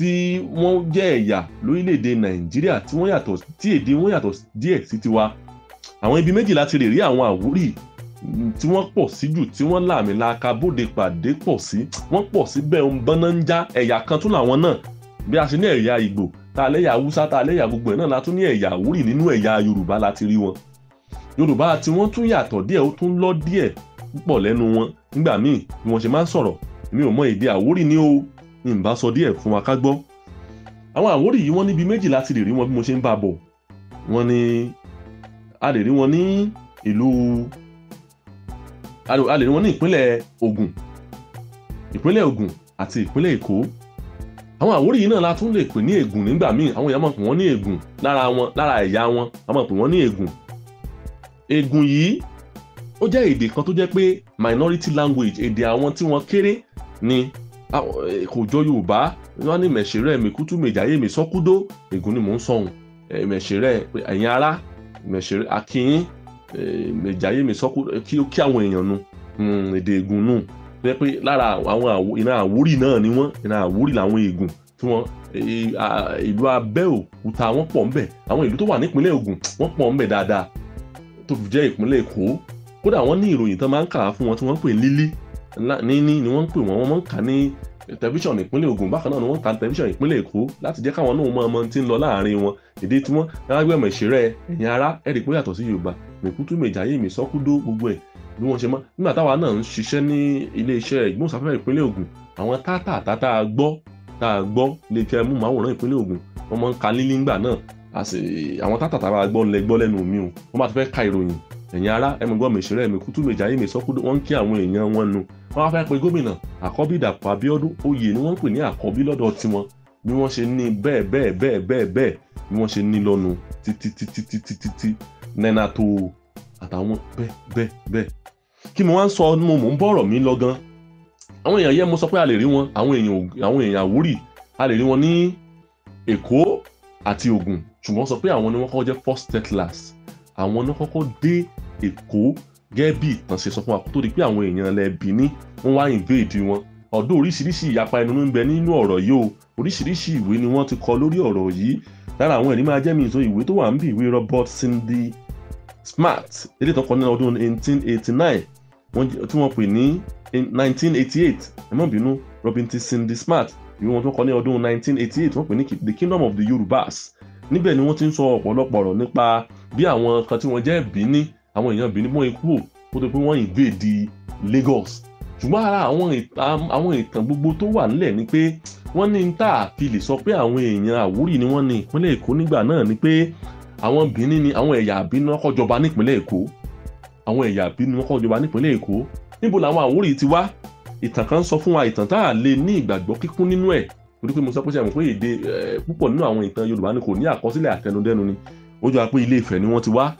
tí wọ́n jẹ́ ẹ̀yà lórílẹ̀‐èdè nàìjíríà tí wọ́n yàtọ̀ tí èdè wọn yàtọ̀ díẹ̀ sí tiwa àwọn ibi méjì láti lè rí àwọn àwórì tí wọ́n pọ̀ sí jù tí wọ́n làmìlaka bóde pàdé pọ̀ sí wọ́n pọ̀ sí bẹ́ẹ̀ ń bọ́ná ń já ẹ̀yà kan tún làwọn náà bí a ṣe ní ẹ̀yà ìgbò tá a lẹ́yà haúsá tá a lẹ́yà gbogbo ẹ̀ náà la tún ní ẹ̀yà àwórì nínú ẹ̀yà yorùbá láti rí wọn yorùbá tí wọ́n tún yàtọ̀ díẹ̀ ó tún lọ díẹ̀ púpọ̀ lẹ́nu wọn nígbà míì bí wọ́n ṣe máa ń sọ̀rọ̀ mi ò mọ èdè àwórì ni o ní n bá sọ díẹ̀ fún wa ká gbọ́ àwọn àwórì yìí wọ́n níbi méjì láti lè rí wọn bí mo ṣe ń bá bọ̀ wọ́n ní a lè rí wọn ní ìlú a lè rí wọn ní ìpínlẹ̀ Ògùn ìpínlẹ̀ Ògùn àti ìpínlẹ̀ Èkó àwọn àwórì yìí náà la tún lè pè ní ègùn nígbà míì àwọn èèyàn máa pè wọ́n ní ègùn lára wọn lára ẹ̀yà wọn a máa pè wọ́n ní ègùn ègùn yìí ó jẹ́ èdè kan tó jẹ́ pé minority language èdè àwọn tí wọ́n kéré ni E, kò jọ yorùbá wọn ní mẹ̀ṣẹ̀rẹ̀ mi kútú mẹ̀jáyé mi sọ́kúdó ègún ni mò ń sọ̀hún e, mẹ̀ṣẹ̀rẹ̀ ẹ̀yin ará mẹ̀ṣẹ̀rẹ̀ akínyín mẹ̀jáyé e, mi sọ́kúdó kí àwọn èèyàn nu hmm, èdè ègún nù pé pé lára àwọn iná àwórì náà ni wọ́n iná àwórì làwọn ègún tí wọ́n ìlú abẹ́òkúta wọ́n pọ̀ ńbẹ̀ àwọn ìlú tó wà nípínlẹ̀ Ògùn wọ́n pọ̀ ńbẹ̀ dáadáa tó fi jẹ́ ìpínlẹ̀ Èkó kódà wọ́n ní ìròyìn tán máa ń kà á fún wọn tí wọ́n ń pè lílí níní ni wọ́n ń pè wọ́n wọ́n máa ń kà ní tẹlifíṣàn ìpínlẹ̀ Ògùn bákan náà ni wọ́n ń kà ní tẹlifíṣàn ìpínlẹ̀ Èkó láti jẹ́ káwọn náà mọ ọmọ tí ń lọ láàrin wọn èdè tí wọ́n lágbẹ̀mọ̀ ìṣeré ẹ̀yìn ara ẹ̀rì pé yàtọ̀ sí Yorùbá mẹ̀kútù mẹ̀jáyé mi sọ́kúdó gbogbo ẹ̀ bí wọ́n ṣe mọ́ nígbà táwa náà ń ṣiṣẹ́ ní iléeṣẹ́ ìgbóhùnsáfẹ́fẹ́ ìpínlẹ̀ Ògùn àwọn tátàtà tá a gbọ́ tá a gbọ́ lè fi ẹmú màwòrán ìpínlẹ̀ Ògùn wọ́n máa ń ẹ̀yin ará ẹ̀mùgbọ́n mi ìṣẹ̀rẹ́ mi kútú mi jàyè mi sọ́kúndó wọ́n ń kí àwọn èèyàn wọn nu wọ́n á fẹ́ pe gómìnà àkọ́bí Dàpọ̀ Abíọ́dún oyè ni wọ́n ń pè ní àkọ́bí lọ́dọ̀ tiwọn bí wọ́n ṣe ní bẹ́ẹ̀ bẹ́ẹ̀ bẹ́ẹ̀ bẹ́ẹ̀ bẹ́ẹ̀ bí wọ́n ṣe ní lọ́nu títítítítítítí nẹ́nà tó àtàwọn bẹ́ẹ̀ bẹ́ẹ̀ bẹ́ẹ̀ kí mo wá ń sọ mo mò ń bọ̀rọ̀ mi lọ gan àwọn èèyàn mo sọ pé a lè rí wọn a lè rí wọn ní Èkó àti Ògùn ṣùgbọ́n sọ pé àwọn ni wọ́n kọ́ jẹ́ first settlers àwọn náà kọ́kọ́ dé èkó gẹ́gẹ́ bí ìtàn ṣe sọ fún wa kó tó di pé àwọn èèyàn ilẹ̀ Benin wọ́n wá invade wọn ọ̀dọ̀ oríṣiríṣi ìyapa ẹnu ń bẹ nínú ọ̀rọ̀ yìí o oríṣiríṣi ìwé ni wọ́n ti kọ lórí ọ̀rọ̀ yìí lára àwọn ẹ̀rí máa jẹ́ mi ìtàn ìwé tó wà ń bí ìwé Robert Cindy Smart eléyìí tó kọ ní ọdún 1889 tí wọ́n pè ní 1988 ẹ má bínú Robin T. Cindy Smart ìwé wọn tó kọ ní ọdún 1988 wọ́n pè ní The Kingdom of the Yorubas níbẹ̀ ni wọ́n ti ń sọ ọ̀pọ̀lọpọ̀ ọ̀rọ̀ nípa bí àwọn kan tí wọ́n jẹ́ Benin àwọn èèyàn Benin wọ́n kúrò kó tó pé wọ́n invade Lagos ṣùgbọ́n ara àwọn ìtàn gbogbo tó wà nílẹ̀ ni pé wọ́n ní tá a lè sọ pé àwọn èèyàn Àwórì ni wọ́n ní ìpínlẹ̀ Èkó nígbà náà ni pé àwọn Benin ni àwọn ẹ̀yà Benin kọ́ jọba nípínlẹ̀ Èkó àwọn ẹ̀yà Benin kọ́ jọba nípínlẹ̀ Èkó níbo làwọn Àwórì ti wá ìtàn kan sọ fún wa ìtàn tá a lè ní ìgbàgbọ́ kíkún nínú ẹ̀ torí pé mo sọ pé ṣe àmọ̀ pé èdè púpọ̀ nínú àwọn ìtàn Yorùbá ni kò ní àkọsílẹ̀ àtẹnudẹ́nu ni ó jọ pé ilé Ifẹ̀ ni wọ́n ti wá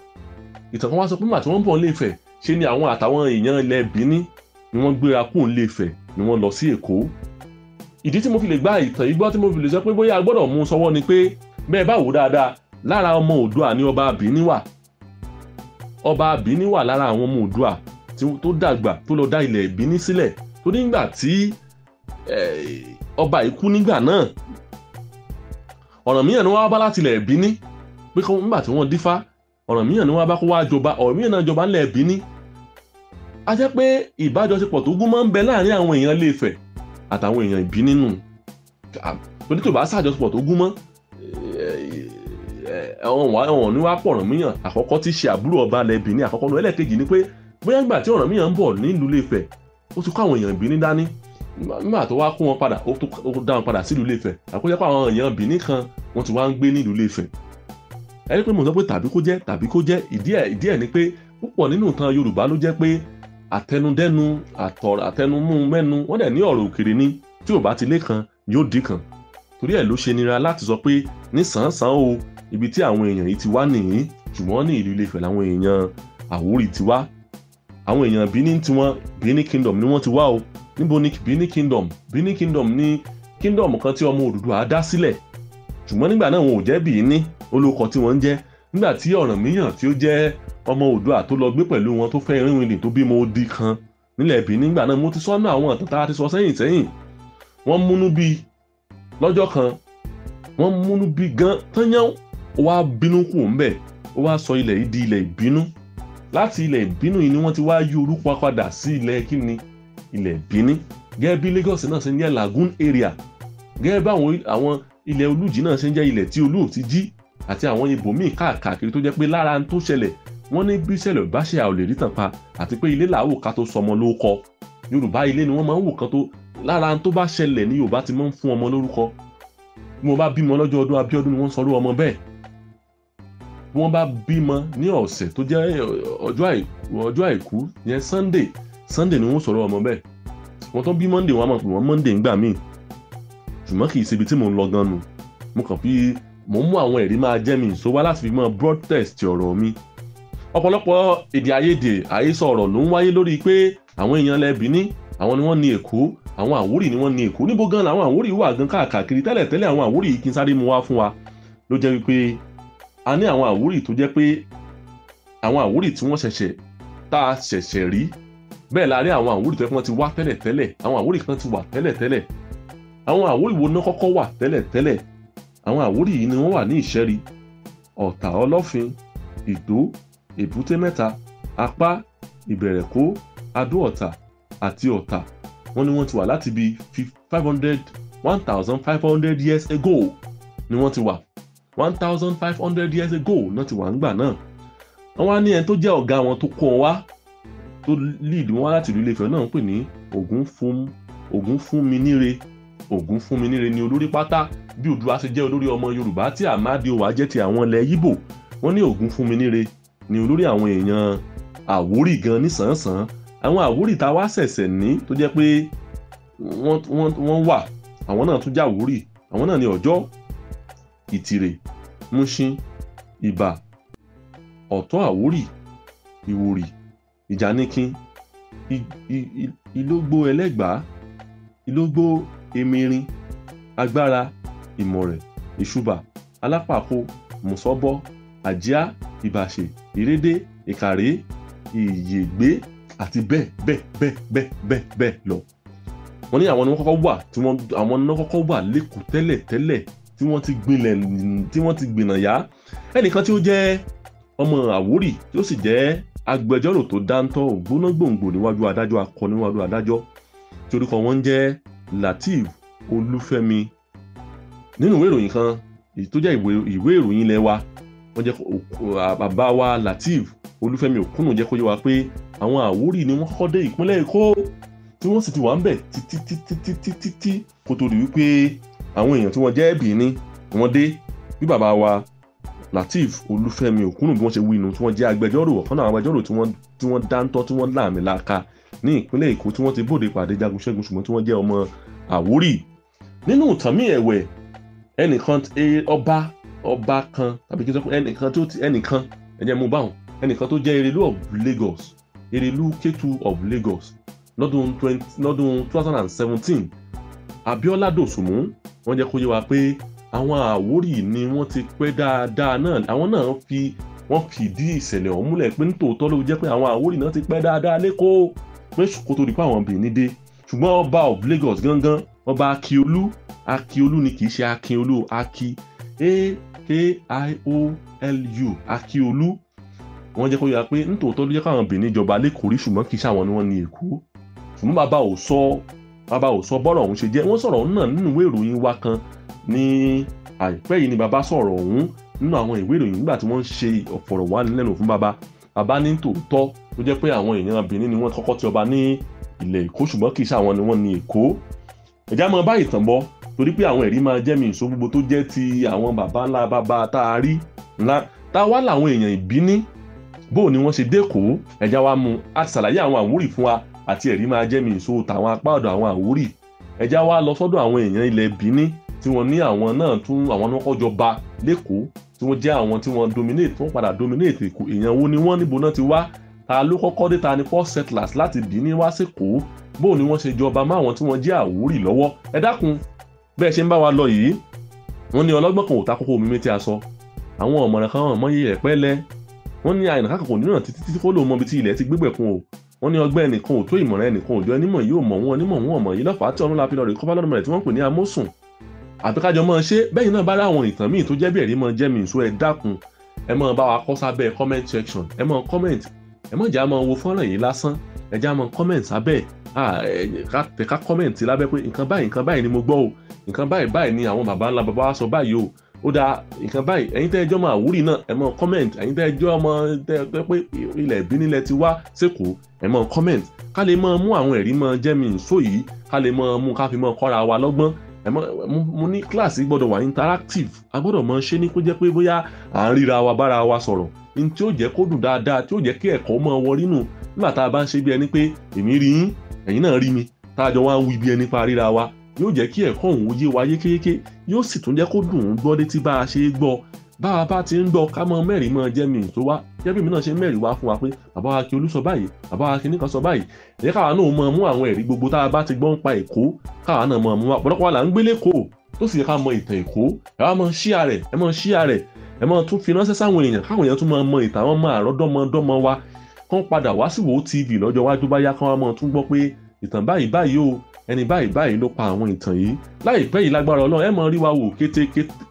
ìtàn kan wá sọ pé màtí wọ́n ń bọ̀ ilé Ifẹ̀ ṣe ni àwọn àtàwọn èèyàn ilẹ̀ Bìíní ni wọ́n gbéra kúrò ilé Ifẹ̀ ni wọ́n lọ sí Èkó ìdí tí mo fi lè gba ìtàn yìí gbọ́ tí mo fi lè sọ pé bóyá a gbọ́dọ̀ mú un sọwọ́ ni pé bẹ́ẹ̀ bá wò dáadáa lára ọmọ Oòduà ni ọba Bìíní wà ọba Bìíní wà lára àwọn ọmọ Oòduà tó dàgbà tó lọ dá ilẹ̀ Bìíní sílẹ̀ tó nígbà tí eh, ọba yìí nígbà náà ọ̀nà mìíràn ni wọ́n wá bá láti ilẹ̀ Bìíní pé kó ńgbà tí wọ́n dífá ọ̀ràn míyàn ni wọ́n bá kó wá jọba ọ̀ràn míyàn náà jọba ńlẹ̀ Bìíní a jẹ́ pé ìbájọṣepọ̀ tó gún máa ń bẹ láàrin àwọn èèyàn Ilé-Ifẹ̀ àtàwọn èèyàn Ìbíní nù torí tó bá ṣàjọṣepọ̀ tó gún mọ́ ọ̀hún ni wàá pọ̀ràn míyàn àkọ́kọ́ tí ṣe àbúrò ọba ilẹ̀ Bìíní àkọ́kọ́ nu ẹlẹ́ẹ̀kejì ni pé bóyá ìgbà tí Ọ̀rànmíyàn ń bọ̀ nílùú Ilé-Ifẹ̀ ó ti kó àwọn èèyàn Bìíní nígbà tó wá kó wọn padà ó dá wọn padà sílùú Ilé-Ifẹ̀ àkójọpọ̀ àwọn èèyàn Bìíní kan wọ́n ti wá ń gbé nílùú Ilé-Ifẹ̀ ẹ rí pé mo sọ pé tàbí kó jẹ́ tàbí kó jẹ́ ìdí ẹ̀ ìdí ẹ̀ ni pé púpọ̀ nínú nǹkan Yorùbá ló jẹ́ pé àtẹnudẹ́nu àtẹnumú mẹ́nu wọ́n dẹ̀ ní ọ̀rọ̀ òkèrè ni tí ò bá ti lé kan yóò dín kan torí ẹ̀ ló ṣe nira láti sọ pé nísànsán o ibi tí àwọn èèyàn yìí ti wá nìyí ṣùgbọ́n ní ìlú ilé làwọn èèyàn Àwórì ti wá àwọn èèyàn Benin tiwọn Benin Kingdom ni wọ́n ti wá o níbo ni Benin Kingdom Benin Kingdom ni kingdom kan tí ọmọ Odùduwà dá sílẹ̀ ṣùgbọ́n nígbà náà wọn ò jẹ́ Benin olóko tí wọ́n ń jẹ́ nígbà tí Ọ̀rànmíyàn tí ó jẹ́ ọmọ Oòduà tó lọ gbé pẹ̀lú wọn tó fẹ́ Ẹ̀rìnwíndìn tó bímọ odi kan nílẹ̀ bí nígbà náà mo ti sọ́nà àwọn àtàtà àti sọ sẹ́yìn sẹ́yìn wọ́n múnú bí lọ́jọ́ kan wọ́n múnú bí gan tányán ó wá bínú kù ń bẹ̀ ó wá sọ ilẹ̀ yìí di ilẹ̀ ìbínú láti ilẹ̀ ìbínú yìí ni wọ́n ti wá yí orúkọ padà sí ilẹ̀ kíni ilẹ̀ ìbíní gẹ́gẹ́ bí Lagos náà ṣe ń jẹ́ lagoon area gẹ́gẹ́ bí àwọn ilẹ̀ olùjì náà ṣe ń jẹ́ ilẹ̀ tí olú ò ti jí àti àwọn ibòmíì káàkiri tó jẹ́ pé lára ń tó ṣẹlẹ̀ wọ́n ní bí ṣẹlẹ̀ bá ṣe àò rí tàn pa àti pé ilé làá wò ká tó sọmọ lórúkọ yorùbá ilé ni wọ́n máa ń wò kán tó lára ń tó bá ṣẹlẹ̀ ní yorùbá ti máa ń fún ọmọ lórúkọ bí wọ́n bá bímọ lọ́jọ́ ọdún abíọ́dún ni wọ́n ń sọ ọmọ bẹ́ẹ̀ bí wọ́n bá bímọ ní ọ̀sẹ̀ tó jẹ́ ọjọ́ àìkú yẹn sunday sunday ni wọ́n sọ̀rọ̀ ọmọ bẹ́ẹ̀ wọ́n tó bí monday wọ́n máa pè wọ́n monday ńgbà míì ṣùgbọ́n kì í ṣe ibi tí mò ń lọ gan nu mo kàn fi mò ń mú àwọn ẹ̀rí máa jẹ́ mi ìṣòwá láti fi mọ́ broadcast ọ̀rọ̀ mi ọ̀pọ̀lọpọ̀ èdè àìyedè àhesọ ọ̀rọ̀ ló ń wáyé lórí pé àwọn èèyàn lẹ́bi ní àwọn ni wọ́n ní èkó àwọn àwórì ni wọ́n ní èkó níbo gan làwọn àwórì wà gan káàkiri tẹ́lẹ̀tẹ́lẹ̀ àwọn àwórì yìí kí n sáré mu wá fún wa ló jẹ́ wípé a ní àwọn àwórì tó jẹ́ pé àwọn àwórì tí wọ́n ṣẹ̀ṣẹ̀ tá a ṣẹ̀ṣẹ̀ rí bẹ́ẹ̀ la àwọn àwórì tó yẹ kí wọ́n ti wá tẹ́lẹ̀tẹ́lẹ̀ àwọn àwórì kan ti wà tẹ́lẹ̀tẹ́lẹ̀ àwọn àwórì wo náà kọ́kọ́ wà tẹ́lẹ̀tẹ́lẹ̀ àwọn àwórì yìí ni wọ́n wà ní ìṣẹ́rí ọ̀tà ọlọ́fin ìdó èbúté mẹ́ta apá ìbẹ̀rẹ̀kó adó ọ̀tà àti ọ̀tà wọ́n ní wọ́n ti wà láti bí five hundred one thousand five hundred years ago ni wọ́n ti wà one thousand five hundred years ago náà ti wà ńgbà náà wọ́n wá ní ẹni tó jẹ́ ọ̀gá wọn tó kó wọn tó lead wọn wá láti ìlú Ilé-Ifẹ̀ náà ń pè ní Ògúnfúnminíre Ògúnfúnminíre ni olórí pátá bí Oòduà ṣe jẹ́ olórí ọmọ Yorùbá tí Ahmad-Yewa jẹ́ ti àwọn ilẹ̀ Yíbò wọ́n ní Ògúnfúnminíre ni olórí àwọn èèyàn Àwórì gan nísànsán àwọn Àwórì tá a wá ṣẹ̀ṣẹ̀ ní tó jẹ́ pé wọ́n wà àwọn náà tún jẹ́ Àwórì àwọn náà ní Ọ̀jọ́ Ìtìrè Múṣin Ìbà Ọ̀tọ́ Àwórì Ìwòrì Ìjànikin Ìlógbò Ẹlẹ́gbàá Ìlógbò Emirin Agbára ìmọ̀rẹ̀ ìṣùbà alápàkò mòṣọ́bọ̀ àjíá ìbàṣe ìrédé ìkàrè ìyègbé àti bẹ́ẹ̀ bẹ́ẹ̀ bẹ́ẹ̀ bẹ́ẹ̀ bẹ́ẹ̀ bẹ́ẹ̀ lọ. wọ́n ní àwọn ni wọ́n kọ́kọ́ wà tí wọ́n àwọn ni wọ́n kọ́kọ́ wà lẹ́kọ̀ọ́ tẹ́lẹ̀ tẹ́lẹ̀ tí wọ́n ti gbinlẹ̀ tí wọ́n ti gbìnà yá ẹnìkan tí ó jẹ́ ọmọ Àwórì tí ó sì jẹ́ agbẹjọ́rò tó dáńtọ́ ògbóná gbòǹgbò níwájú adájọ́ akọ níwájú adájọ́ tí orúkọ wọn ń jẹ́ Lateef Olúfẹ́mi nínú ìwé ìròyìn kan èyí tó jẹ́ ìwé ìròyìn ilẹ̀ wa wọ́n jẹ́ bàbá wa Lateef Olúfẹ́mi Òkúnnù jẹ́ kó yé wa pé àwọn Àwórì ni wọ́n kọ́ dé ìpínlẹ̀ Èkó tí wọ́n sì ti wà ń bẹ̀ títítítítítí kó tó di wípé àwọn èèyàn tí wọ́n jẹ́ Bìíní wọ́n dé bí bàbá wa Lateef Olúfẹ́mi Òkúnnù bí wọ́n ṣe wí inú tí wọ́n jẹ́ agbẹjọ́rò ọ̀kan náà agbẹjọ́rò tí wọ́n dáńtọ́ tí wọ́n láàmì láka ní ìpínlẹ̀ Èkó tí wọ́n ti bóde pàdé jagun ṣùgbọ́n tí wọ́n jẹ́ ọmọ Àwórì nínú ìtàn míì ẹ̀wẹ̀ ẹnìkan ọba ọba kan tàbí kí n sọ pé ẹnìkan tó ti ẹnìkan ẹ̀jẹ̀ mo bá wọn ẹnìkan tó jẹ́ Erelu of Lagos Erelu Ketu of Lagos lọ́dún lọ́dún 2017 Abiola Dosunmu wọ́n jẹ́ kó yé wa pé àwọn Àwórì ni wọ́n ti pẹ́ dáadáa náà àwọn náà fi wọ́n fìdí ìṣẹ̀lẹ̀ ọ̀hún múlẹ̀ pé nítòótọ́ ló jẹ́ pé àwọn Àwórì náà ti pẹ́ dáadáa lẹ́kọ̀ọ́ pé kó tó di pé àwọn Benin dé ṣùgbọ́n ọba of Lagos gangan ọba akiolu akiolu ni kì í ṣe akiolu aki a-k-i-o-l-u akiolu wọ́n jẹ́ kó yára pé nítòótọ́ ló jẹ́ káwọn Benin jọba lẹ́kọ̀ọ́ rí ṣùgbọ́n kì í ṣàwọn ni wọ́n ní Èkó ṣùgbọ́n bàbá ò sọ bàbá ò sọ bọ́rọ̀ ọ̀hún ṣe jẹ́ wọ́n sọ̀rọ̀ ọ̀hún náà nínú ìwé ìròyìn wa kan ní àìpẹ́ yìí ni bàbá sọ̀rọ̀ ọ̀hún nínú àwọn ìwé ìròyìn nígbà tí wọ́n ń ṣe ọ̀fọ̀rọ̀wánilẹ́nuwò fún bàbá bàbá ní tòótọ́ tó jẹ́ pé àwọn èèyàn Benin ni wọ́n kọ́kọ́ ti ọba ní ilẹ̀ Èkó ṣùgbọ́n kì í ṣàwọn ni wọ́n ní Èkó ẹ̀já máa bá ìtàn bọ́ torí pé àwọn ẹ̀rí máa jẹ́ mi ìṣó gbogbo tó jẹ́ ti àwọn bàbá ńlá bàbá tá a rí ńlá tá a wá làwọn èèyàn ìbíní bó ni wọ́n ṣe dékòó ẹ̀já wa mu a ti ṣàlàyé àwọn àwórì fún wa àti ẹ̀rí máa jẹ́ mi ìṣó tàwọn apá ọ̀dọ̀ àwọn àwórì ẹ̀já wa lọ sọ́dọ̀ àwọn èèyàn ilẹ̀ bíní tí wọ́n ní àwọn náà tún àwọn ọkọ̀jọba lẹ́kọ̀ọ́ tí wọ́n jẹ́ àwọn tí wọ́n dominate wọ́n padà dominate èkó èèyàn wo ni wọ́n níbo náà ti wá ta ló kọ́kọ́ dé ta ni first settlers láti Bìní wá sékòó bóun ni wọ́n ṣe jọba máwọn tí wọ́n jẹ́ àwórì lọ́wọ́ ẹ dákun bẹ́ẹ̀ ṣe ń bá wa lọ yìí wọ́n ní ọlọ́gbọ́n kan ò ta kókó mímí tí a sọ àwọn ọ̀mọ̀ràn kan hàn mọ́yé ẹ̀pẹ́lẹ́ wọ́n ní àyìnká kòkò níràn títí tí kò lóun mọbi tí ilẹ̀ ti gbégbẹ̀kun o wọ́n ní ọgbẹ́ ẹnìkan ò tó ìmọ̀ràn ẹnìkan ò jọ ẹnímọ̀ yìí ò mọ̀ wọn onímọ̀ wọn ọmọ yìí lọ́fàá tí ọ̀run la fi lọ rè kọ́fà lọ́dún rẹ̀ tí wọ́n pè ní amósùn àtọ́kájọ mọ́ ṣé bẹ́yìn náà bá rá àwọn ìtàn míì tó jẹ́ bí ẹ̀rí mọ́ jẹ́ mi ìṣó ẹ dákun ẹ mọ́ bá wa kọ́ sábẹ́ comment section ẹ mọ́ comment ẹ mọ̀ jẹ́ àmọ́ wo fọ́nrán yìí lásán ẹ jẹ́ àmọ́ comment abẹ́ ẹ ká comment lábẹ́ pé nǹkan báyìí nǹkan báyìí ni mo gbọ́ o nǹkan báyìí báyìí ni àwọn bàbá ńlá bàbá wa sọ báyìí o ó dáa nǹkan báyìí ẹ̀yin tẹ́ ẹ jọ́ ọmọ àwúrì náà ẹ mọ̀ comment ẹ̀yin tẹ́ ẹ jọ́ ọmọ tẹ́ ẹ pé ilẹ̀ ìbí nílẹ̀ ti wá sẹ́kọ̀ọ́ ẹ mọ̀ comment ká lè mọ̀ mú àwọn ẹ̀rí mọ̀ jẹ́mi ìṣó yìí ká lè mọ̀ mú ká fi mọ̀ kọ́ra wa lọ́gbọ́n mo ní kíláàsì gbọ́dọ̀ wà interactive a gbọ́dọ̀ mọ̀ ṣe ní kó jẹ́ pé bóyá à ń ríra wa bára wa sọ̀rọ̀ n tí ó jẹ́ kó dùn dáadáa tí ó jẹ́ kí ẹ̀kọ́ máa wọ nínú nígbà tá a bá ń ṣe bí ẹni pé èmi rí yín ẹ̀yin náà rí mi tá a jọ wá ń wí bí ẹni pa ríra wa yóò jẹ́ kí ẹ̀kọ́ òun yé wa yékéyéké yóò sì tún jẹ́ kó dùn ún gbọ́ létí bá a ṣe é gbọ́ bá a bá ti ń gbọ́ ká mọ mẹ́rin mọ́ jẹ́ mi tó wá jẹ́ bí mi náà ṣe mẹ́rin wá fún wa pé bàbá wa kí olú sọ báyìí bàbá wa kí ní kan sọ báyìí ẹ̀yẹ́ káwa náà mọ mú àwọn ẹ̀rí gbogbo tá a bá ti gbọ́ ń pa Èkó káwa náà mọ mú wa ọ̀pọ̀lọpọ̀ wa là ń gbélé Èkó tó sì yẹ ká mọ ìtàn Èkó ẹ wá mọ ṣíà rẹ̀ ẹ mọ ṣíà rẹ̀ ẹ máa tún fi ránṣẹ́ sáwọn èèyàn káwọn èèyàn tún máa mọ ìtàn àwọn máa rọ́ wa kán padà wá sí wo tv lọ́jọ́ iwájú bá yá kán wá máa tún gbọ́ pé ìtàn báyìí báyìí o ẹni báyìí báyìí ló pa àwọn ìtàn yìí láìpẹ́ yìí lágbára ọlọ́run ẹ máa rí wa wò kété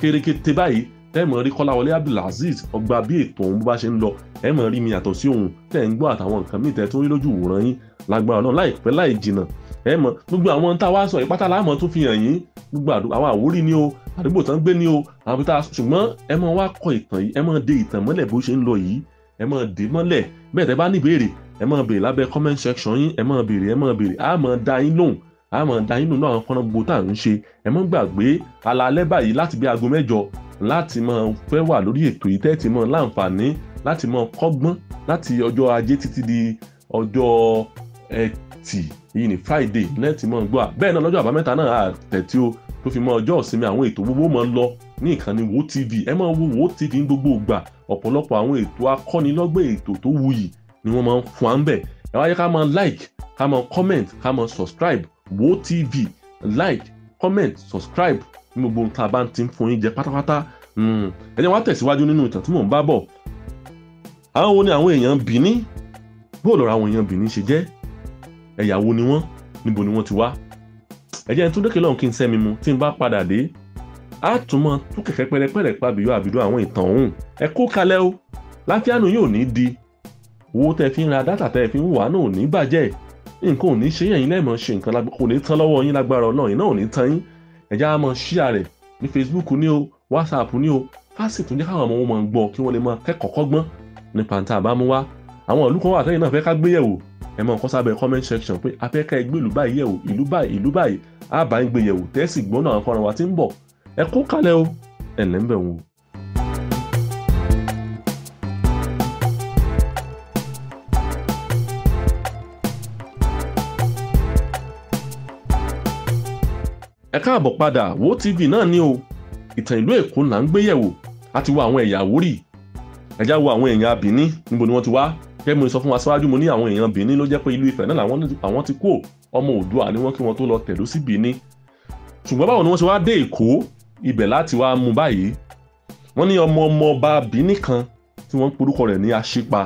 kérékété báyìí ẹ máa rí kọ́láwọlé abdulaziz ọgbà bí ètò òun bó bá ṣe ń lọ ẹ máa rí mi yàtọ̀ sí òun tẹ̀ ń gbọ́ àtàwọn nǹkan míì tẹ̀ tún rí lójú ìwòran yín lágbára ọlọ́run láìpẹ́ láì jìnnà ẹ mọ̀ gbogbo àwọn tá a wá sọ yìí pátá tún fi hàn yín gbogbo àwọn àwórí ni o àdúgbò tán gbé ni o àwọn tá a ẹ mọ̀ wá kọ ìtàn yìí ẹ mọ̀ de ìtàn mọ́lẹ̀ bó ṣe ń lọ yìí ẹ mọ̀ de mọ́lẹ̀ bẹ́ẹ̀ tẹ́ bá ní ìbéèrè ẹ mọ̀ béèrè lábẹ́ comment section yín ẹ mọ̀ béèrè ẹ mọ̀ béèrè á mọ̀ da yín lóhùn á mọ̀ da yín lóhùn náà fọ́nrán gbogbo tá à ń ṣe ẹ mọ̀ gbàgbé alalẹ́ báyìí láti bí aago mẹ́jọ láti mọ̀ fẹ́ wà lórí ètò yìí tẹ́ẹ̀tì mọ̀ láǹfààní láti mọ̀ kọ́gbọ́n láti ọjọ́ ajé títí di ọjọ́ nẹ́ẹ̀tì yìí ní friday nẹ́ẹ̀tì mọ̀ ń gbọ́ à bẹ́ẹ̀ náà lọ́jọ́ àbámẹ́ta náà àtẹ̀tí o tó fi mọ́ ọjọ́ ìsinmi àwọn ètò gbogbo mọ́ lọ ní ìkànnì wo tv ẹ máa wo wo tv ń gbogbo ìgbà ọ̀pọ̀lọpọ̀ àwọn ètò akọ́nilọ́gbọ̀n ètò tó wuyì ni wọ́n máa ń fún wa ń bẹ̀ ẹ wáyé ká máa like ká máa comment ká máa subscribe wo tv like comment subscribe ní gbogbo nǹkan bá ti ń fún yín jẹ pátápátá hmm. ẹ jẹ́ wá tẹ̀síwájú nínú ìtàn tí mò ń bá bọ̀ àwọn wo ni àwọn èèyàn Bìní bóòlù àwọn èèyàn Bìní ṣe jẹ́ ẹ̀yàwó ni wọ́n níbo ni wọ́n ti wá ẹ̀jẹ̀ ní túndókè lọ́hùn kí n sẹ́mi mu tí n bá padà dé á tún mọ tún kẹ̀kẹ́ pẹ́rẹpẹ́rẹ pàbíyọ àbídọ àwọn ìtàn ọ̀hún ẹ kó kalẹ̀ o láfíàánú yóò ní di owó tẹ fi ń ra dátà tẹ fi ń wà náà ò ní bàjẹ́ nǹkan ò ní ṣe yẹn lẹ́ẹ̀mọ́ ṣe nǹkan kò ní tán lọ́wọ́ yín lágbára ọlọ́run náà àwọn ìlú kan wà tẹ́yìn náà fẹ́ ká gbéyẹ̀wò ẹ mọ nǹkan sábẹ́ comment section pé afẹ́kẹ́ gbé ìlú báyìí yẹ̀wò ìlú báyìí ìlú báyìí á bá ń gbé yẹ̀wò tẹ́sí gbọ́nà àwọn fọ́nrán wa ti ń bọ̀ ẹ kó kalẹ̀ o ẹ̀ lẹ́ńbẹ̀ wọn o. ẹ káàbọ̀ padà wo tv náà ni o ìtàn ìlú èkó là ń gbé yẹ̀wò a ti wo àwọn ẹ̀yà àwórì ẹ̀já wo àwọn ẹ̀yà àbíní níbo ni wọ́n ti wá kẹ́ mo sọ fún wa síwájú mo ní àwọn èèyàn Benin ló jẹ́ pé ìlú Ifẹ̀ náà làwọn àwọn ti kó ọmọ Oòduà ni wọ́n kí wọ́n tó lọ tẹ̀dó sí Benin ṣùgbọ́n báwo ni wọ́n ṣe wá dé Èkó ibẹ̀ láti wá mú báyìí wọ́n ní ọmọ ọmọ ọba Benin kan tí wọ́n porúkọ rẹ̀ ní aṣípa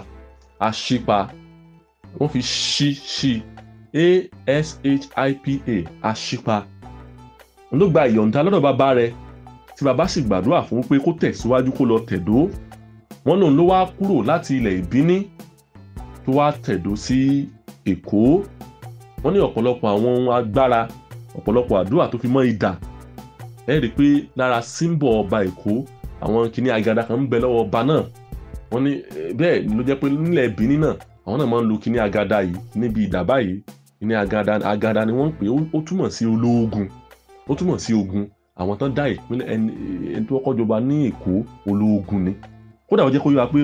aṣípa wọ́n fi ṣí ṣí a i p a aṣípa ló ìyọ̀ǹda lọ́dọ̀ bàbá rẹ̀ tí bàbá sì gbàdúrà fún pé kó tẹ̀síwájú kó lọ tẹ̀dó wọ́n lòun ló wá kúrò láti ilẹ̀ Ìbíní tó wá tẹ̀dó sí Èkó wọ́n ní ọ̀pọ̀lọpọ̀ àwọn ohun agbára ọ̀pọ̀lọpọ̀ àdúrà tó fi mọ́ idà ẹ rí i pé lára símbọ̀ ọba Èkó àwọn kìíní agada kan ń bẹ lọ́wọ́ ọba náà wọ́n ní bẹ́ẹ̀ ló jẹ́ pé nílẹ̀ Bìíní náà àwọn náà máa ń lo kìíní agada yìí níbi idà báyìí kìíní agada agada ni wọ́n ń pè ó túmọ̀ sí ológun ó túmọ̀ sí ogun àwọn tán dá ìpínlẹ̀ ẹni tó kọ́jọba ní Èkó ológun ni kódà ó jẹ́ kó yọ wa pé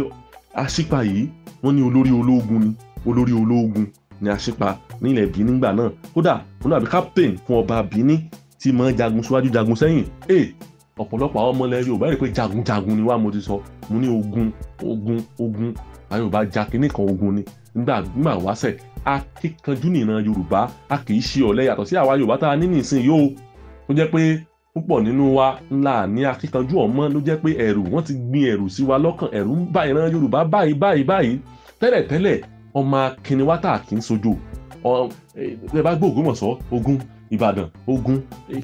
àṣìpa yìí wọ́n ní olórí ológun ni olórí ológun ni àṣìpa nílẹ̀ Bìní nígbà náà kódà wọn dàbí captain fún ọba Bìní tí mọ̀ jagun síwájú jagun sẹ́yìn ee eh, ọ̀pọ̀lọpọ̀ àwọn ọmọlẹ̀ Yorùbá rí i pé jagunjagun ni wá mo ti sọ mo ní ogun ogun ogun àwọn Yorùbá ja kínní kan ogun ni nígbà nígbà wáṣẹ̀ akíkanjú nìran Yorùbá a kì í ṣe ọ̀lẹ yàtọ̀ sí àwa Yorùbá tá a ní nìsín yóò tó jẹ́ pé púpọ̀ nínú wa ńlá ní akíkanjú ọmọ ló jẹ́ pé ẹ̀rù wọ́n ti gbin ẹ̀rù sí wa lọ́kàn ẹ̀rù ń bá ìran Yorùbá báyìí báyìí báyìí tẹ́lẹ̀tẹ́lẹ̀ ọmọ akínniwá tà kí ń sojo ẹ bá gbé Ògbómọ̀ṣọ́ ogun Ìbàdàn ogun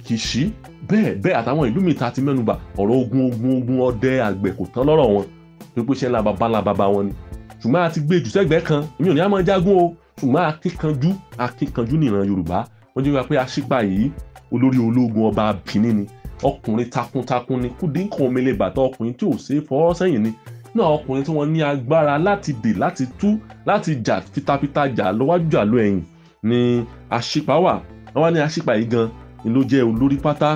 Kìṣí bẹ́ẹ̀ bẹ́ẹ̀ àtàwọn ìlú mi ta ti mẹ́nuba ọ̀rọ̀ ogun ogun ogun ọdẹ àgbẹ̀ kò tán lọ́rọ̀ wọn tó pé ṣẹ́ ńlá bàbá ńlá bàbá wọn ni ṣùgbọ́n a ti gbé jù sẹ́gbẹ̀ẹ́ kan èmi ò ní á máa jagun o ṣùgbọ́n akíkanjú akíkanjú nìran Yorùbá wọ́n jẹ́ wípé aṣípa yìí olórí ológun ọba Benin ni ọkùnrin takuntakun ni kúdínkàn omele bàtà ọkùnrin tí ò ṣeé fọwọ́ sẹ́yìn ni náà ọkùnrin tí wọ́n ní agbára láti dè láti tú láti jà fitafita jà lọ́wájú àlọ́ ẹ̀yìn ni àṣìpá wà wọ́n ní àṣìpá yìí gan ni ló jẹ́ olórí pátá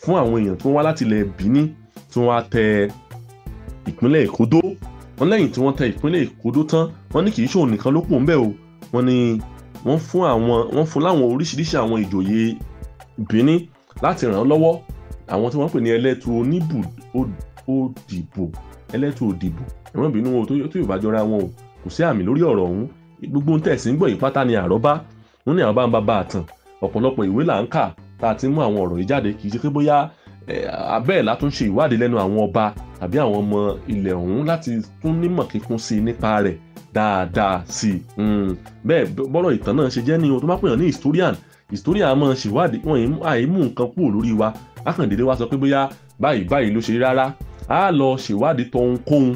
fún àwọn èèyàn tí wọ́n wá láti ilẹ̀ Benin tí wọ́n á tẹ ìpínlẹ̀ Èkó dó wọ́n lẹ́yìn tí wọ́n tẹ ìpínlẹ̀ Èkó dó tán wọ́n ní kì í ṣòwò nìkan ló kù ń bẹ̀ o wọ́n ní wọ́n fún àwọn wọ́n fún láwọn oríṣiríṣi àwọn ìjòyè Benin láti ràn án lọ́wọ́ àwọn tí wọ́n pè ní ẹlẹ́tu oníbù òdìbò ẹlẹ́tu òdìbò ẹ̀wọ̀n ìbínú wọn tó yóò bá jọra wọn o kò sí àmì lórí ọ̀rọ̀ ọ̀hún gbogbo ń tẹ̀sí ń gbọ̀ yìí pátá ni àrọ́bá wọn ní àwọn bá ń bá bá àtàn ọ̀pọ̀lọpọ̀ ìwé là ń kà tá a ti mú àwọn ọ̀rọ̀ yìí jáde kì í ṣe pé bóyá abẹ́ẹ̀ látún ṣe ìwádìí lẹ́nu àwọn ọba tàbí àwọn ọmọ ilẹ̀ ọ̀hún láti tún nímọ̀ kíkún sí i nípa rẹ̀ dáadáa sí i hmm. bẹ́ẹ̀ bọ́rọ̀ ìtàn náà ṣe jẹ́ ní ohun tó má pèèyàn ní historian historia a máa ṣèwádìí wọn àìmú nǹkan kúrò lórí wa akàndéédé wa sọ pé bóyá báyìí báyìí ló ṣe rí rárá a lọ ṣèwádìí tọhunkóhun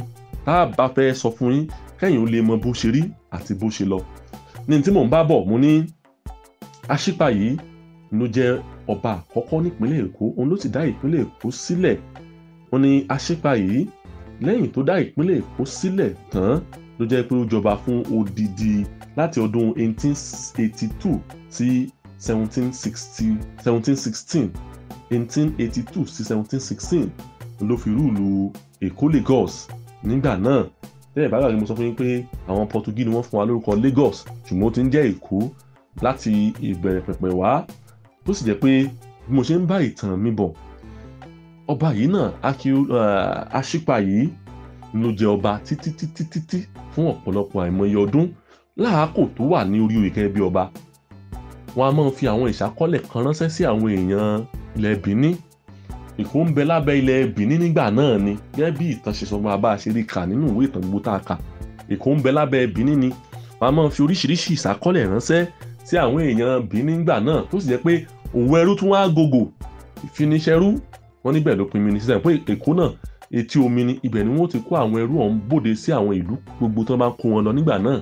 tá a bá fẹ́ sọ fún yín kẹ́yìn ó lè mọ bó ṣe rí àti bó ṣe lọ ní tí mò ń bá bọ̀ mo ní aṣípa yìí ló jẹ́ ọba àkọ́kọ́ nípínlẹ̀ èkó òun ló sì dá ìpínlẹ̀ èkó sílẹ̀ wọ́n ní aṣípa yìí lẹ́yìn tó dá ìpínlẹ̀ èkó sílẹ̀ tán ló jẹ́ pé ó jọba fún odidi láti ọdún 1882 sí 1760 1716 1882 sí 1716 ló fi rúùlù Èkó Lagos nígbà náà tẹ́lẹ̀ bá gbàgbé mo sọ fún yín pé àwọn Pọtugí ni wọ́n fún wa lórúkọ Lagos ṣùgbọ́n ó ti ń jẹ́ Èkó láti ìbẹ̀rẹ̀ pẹ̀pẹ̀ wá tó sì jẹ́ pé bí mo ṣe ń bá ìtàn mi bọ̀ ọba yìí náà Aṣípa eh, yìí ló jẹ ọba títí títí títí fún ọ̀pọ̀lọpọ̀ àìmọye ọdún láàkó tó wà ní orí oyè kẹ́ẹ́ bí ọba wọ́n a máa fi àwọn ìṣàkọọ́lẹ̀ kan ránṣẹ́ sí àwọn èèyàn ilẹ̀ Bìní Èkó ń bẹ lábẹ́ ilẹ̀ Bìní nígbà náà ni gẹ́gẹ́ bí ìtàn ṣe sọ fún bàbá ṣe rí kà nínú ìwé ìtàn gbogbo tá a kà Èkó ń bẹ lábẹ́ Bìní ni wọ́n a máa fi oríṣiríṣi ìṣàkọọ́lẹ̀ ránṣẹ́ sí àwọn èèyàn Bìní nígbà náà tó sì jẹ́ pé òwò ẹrú tún wá gògò ìfiniṣẹ́rú wọ́n níbẹ̀ ló pin mínísítà pé Èkó náà etí omi ni ibẹ̀ ni wọ́n ti kó àwọn ẹrú ọ̀hún bòde sí àwọn ìlú gbogbo tó bá kó wọn lọ nígbà náà